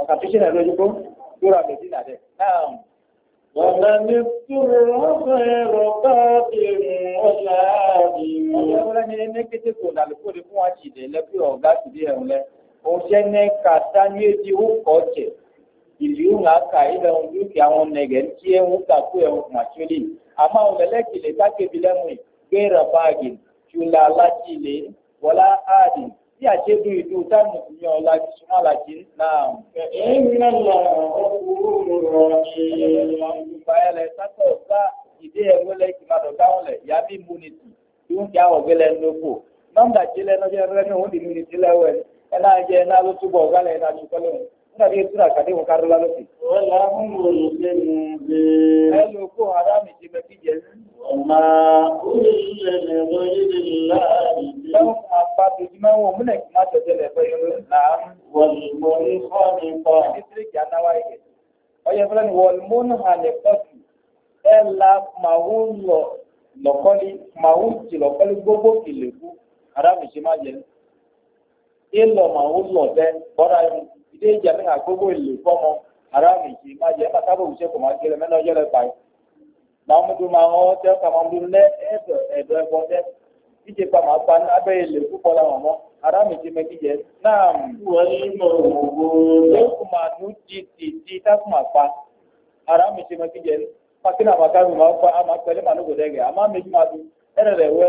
ọ̀kà tó ṣe náà lójú kó náà. فمن اضطر غير باق ولا Ọ̀rẹ́ ni ẹni kété kò nà lóko lè fún wa jì lé lẹ́bí ọ̀gá ti di ẹ̀rùn lẹ. Oṣẹ́ ní kàtá ní èdè òkò ọ̀jẹ̀. Ìlú ńlá ka ilẹ̀ ohun dúkìá wọn nẹ̀gẹ̀ ní kí ẹ̀hún kàkó ẹ̀hún kùmà tí ó lè. Àmọ́ àwọn ẹlẹ́kìlẹ̀ tákébí lẹ́mú gbéra ṣùlá aláṣìlẹ̀, wọlá áàdì, tí àṣẹ́gun ìlú táàmù ní ọ̀la ìsúnmọ́lájì náà. ìrìnà ọkùnrin rọ̀ ní ìgbà ẹlẹ sátọ̀ ọ̀gá ìdí ẹ̀wẹ́lẹ̀ ìgbìmọ̀ dáhùn lẹ̀ yá bí múnitì tí ó ń kí àwọ̀ gbẹ́lẹ̀ lóko. nọ́mbà tí lẹ́nu jẹ́ rẹ́nu òun dì múnitì lẹ́wẹ̀ ẹ̀ náà jẹ́ náà ló túbọ̀ ọ̀gá suna iya tura ka dai wakar lalata. Wala mun wani sai ne. Ai loko harami ce ba fiye. Amma kuri ne ne wani da lalata. Yau kuma ba ta ji ma wa muna kuma ta jale bayan na'am. Walmoni kwani ba. Ni tiri ki anawa màá wú ti lọ́kọ́lí gbogbo kìlẹ̀ kú ṣe má jẹ. Ilọ̀ màá wú lọ bẹ́ bọ́dá yẹn. ìdí ìjà mi náà gbogbo èlò fọmọ ara mi kì í má jẹ ẹ̀ka sábà òṣìṣẹ́ kò má jẹ lẹ́mẹ́ náà yẹlẹ pa ẹ̀. màá mú dùn máa ń wọ́n tẹ́ ká máa dùn lẹ́ ẹ̀dọ̀ ẹ̀dọ̀ ẹ̀bọ pa pa làwọn ara mi ti jẹ náà. wọ́n mọ òwò. yóò kò máa nù ti ti ti tákùn máa pa ara mi jẹ pàkínà pa àmà màá dẹ́gẹ̀ àmà dùn ẹ̀rẹ̀ rẹ̀ wẹ́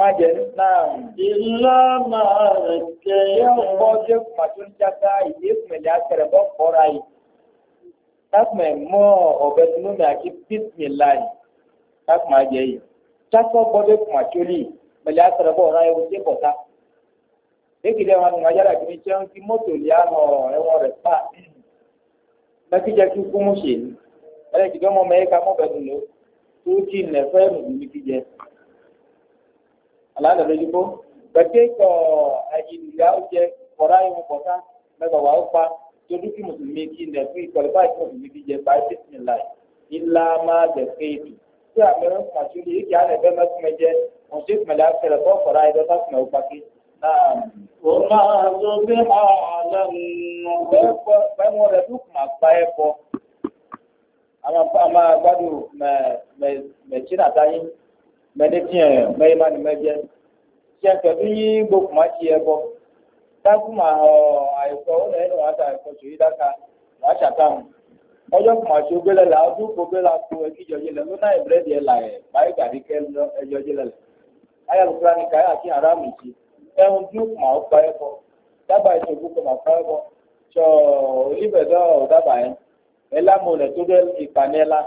májẹ̀ náà. Ìlà máa rẹ̀ kẹ́. Ṣé ọkọ̀ ṣe pàtó ń jáká ìdí ìpìlẹ̀ yìí? Tákùmẹ̀ mọ́ ọ̀bẹ tí mo mẹ́ àti bísí láì tákùmẹ̀ àjẹ́ yìí. Tákùmẹ̀ gbọ́dọ̀ pàtó lì pẹ̀lẹ́ àtẹ̀rẹ̀ bọ́ ọ̀rá ẹ̀wọ̀n ṣe bọ̀ta. Lékìdí ẹ̀wọ̀n àwọn ajára kìíní ṣe ń fi mọ́tò lé àlọ́ ẹ̀wọ̀n rẹ̀ pa. Mẹ́kíjẹ́ kí kú mú ṣèlú. Ẹlẹ́kìdí ọmọ mẹ́ẹ́ka mọ́bẹ̀ẹ́dùn ló tó kí ilẹ̀ fẹ́ẹ́ mú alala bɛ jibo, gbɛte kɔ ayinla ɔjɛ kɔra yi mo bɔta mɛ baba o fa toduki musulmi ki nɛ fi kɔlifa yi musulmi ki jɛ ba bisimila yi ila ma bɛ keetu tí a mɛrɛ kuma tí o yi kí a lɛ bɛ mɛ kuma jɛ o ti kuma lɛ a fɛrɛ kɔ kɔra yi dɔ ta kuma o o ma zo bi ma ala nù. bɛɛ kɔ bɛɛ tó kuma gba yɛ kɔ. a ma a ma gbadu mɛ tí na ta yi mɛde tiɛ mɛyima ni mɛbiɛ tiɛ kɛtu yi gbokuma tiɛ bɔ dakuma ɔ ayikɔ ɔlɛ ɛlɛ wata ayikɔ tso yi daka wata tam ɔjɔ kuma tso gbe lɛ la ɔdu ko gbe la ko ekidjɔ dzi lɛ lona ebre deɛ la yɛ bayi gadi kɛ lɔ ɛdzɔ dzi lɛ lɛ ayɛlu kura ni kaya ti ara mi ti ɛnu du kuma ɔkpa yɛ bɔ daba yi tsogu kuma ɔkpa yɛ bɔ tsɔ olivɛ dɔ daba yɛ ɛlamu lɛ to do ikpa nɛ la.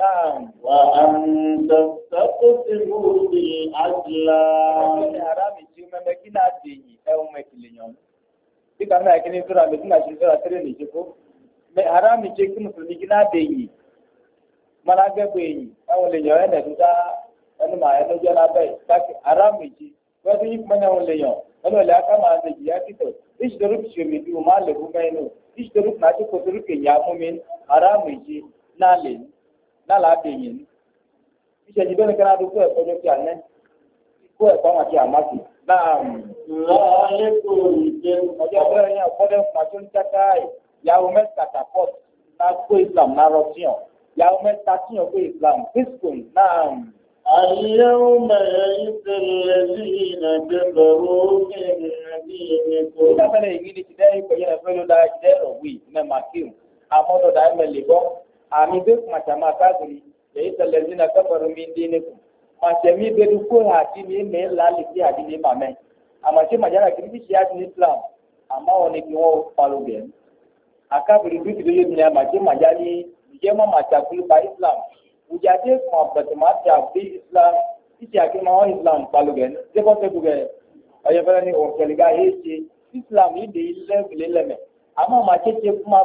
وأن تستقسموا بالأزلام Dika mi na na na lálẹ́ àbẹ̀yìn níṣẹ́ ti bẹ́ẹ̀ kẹ́lá dúpọ̀ ẹ̀kọ́ ọjọ́ kí alẹ́ kó ẹ̀kọ́ àwọn àti àmásì láàmú. ọjọ́ bẹ́ẹ̀ yẹn ọ̀pọ̀lọpọ̀ àti oníkàtà yàwó mẹ́ta tàpọ̀ náà kó islam náà rọ síyàn yàwó mẹ́ta síyàn kó islam kristian náà. اليوم يئس الذين كفروا من دينكم. ìdáfẹ́lẹ̀ ìgbìlì ti dẹ́ ìpẹ́yẹ́ fẹ́lú dáa jẹ́ òwì mẹ́màkìm àmọ́tọ̀dá ẹ̀mẹ́lẹ́gbọ́n ami be kuma chama kafiri laisa allazina kafaru min dinikum ma chami be du ko ha ti ni me la li ti adi ni mame ama che majara kiri ti ya ni islam ama oni ki wo palo be akafiri du ti le ni ama che ni. je ma ma cha ku ba islam ujade kuma batma cha bi islam ti ya ki ma islam palo be je ko te du be oye ni o keliga heche islam ni de ile bile leme ama ma che che kuma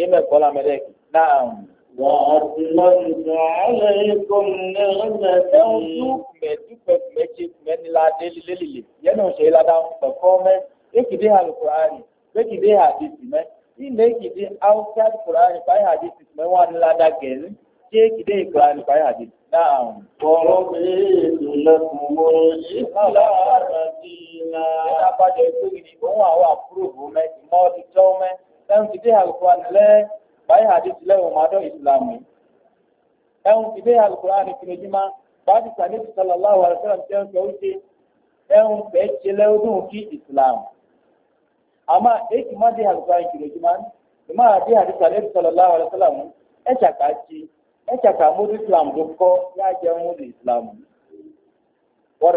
imepela meleki eeil yenchelad ekie a ekie ha na-ekie aụk we lada ekide ko a kado eoị nwa prbụ megị maọ dị e ẹ̀hún ti dé àlùkùrán lẹ́ báyìí àdìsí lẹ́wọ̀n máa dọ̀ ìsìlámù yìí ẹ̀hún ti dé àlùkùrán kìnnìjìmá báyìí sàlẹ̀ sàlọ́láhu àlùsọ́lá ti ẹ̀hún kẹ́wọ́ ṣe ẹ̀hún bẹ́ẹ̀ ṣe lẹ́wọ́dún kí ìsìlámù àmọ́ èyí má dé àlùkùrán kìnnìjìmá ìmọ̀ àdé àdìsí sàlẹ̀ sàlọ́láhu àlùsọ́lá mu ẹ̀ ṣàkà ṣe ẹ̀ ṣàkà mójú tó yá wọ́n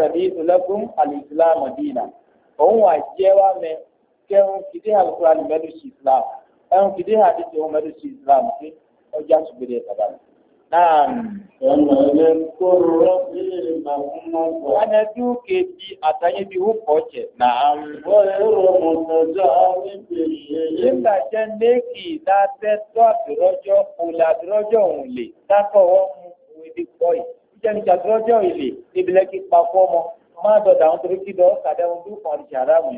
rẹ̀ bí kẹ ń kìdí àlùkò àlùmẹ́lù sí islam ẹ ń kìdí àdìsí ọmọdé sí islam pé ọjà sùgbẹ́dẹ bàbá mi. Ẹnlẹ́ kóró bí màmúmọ́tò. Anẹ́dú kejì àtàyébí ó pọ̀ jẹ̀ náà. Wọ́n èrò mọ̀tọ́jọ́ níbi ìyẹyẹ. Nígbà jẹ́ léèkì dáadẹ́ tó àdúrọ́jọ́ òlè àdúrọ́jọ́ òun lè dákọ̀wọ́ mu òun ibi pọ̀ yìí. Ìjẹ́ni àdúrọ́jọ́ ìlè ìbílẹ̀ kí pa fọ́ ọmọ. Má dọ̀dà àwọn torí kí lọ kàdé ohun tó kàn jàrá mi.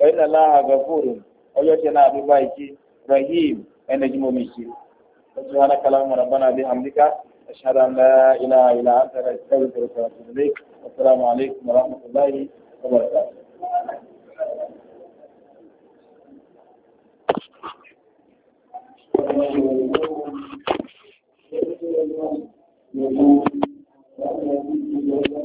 fẹ́yìn aláha gafúrú ọjọ́ tí náà bí báyìí rahim ẹni jí mo mi kí. rabbana wá lákàlà mọ̀ràn bá náà bí hamdika aṣáájú àmì ilá ilá àtàrà alaykum wa rahmatullahi wa barakatuh. Thank you.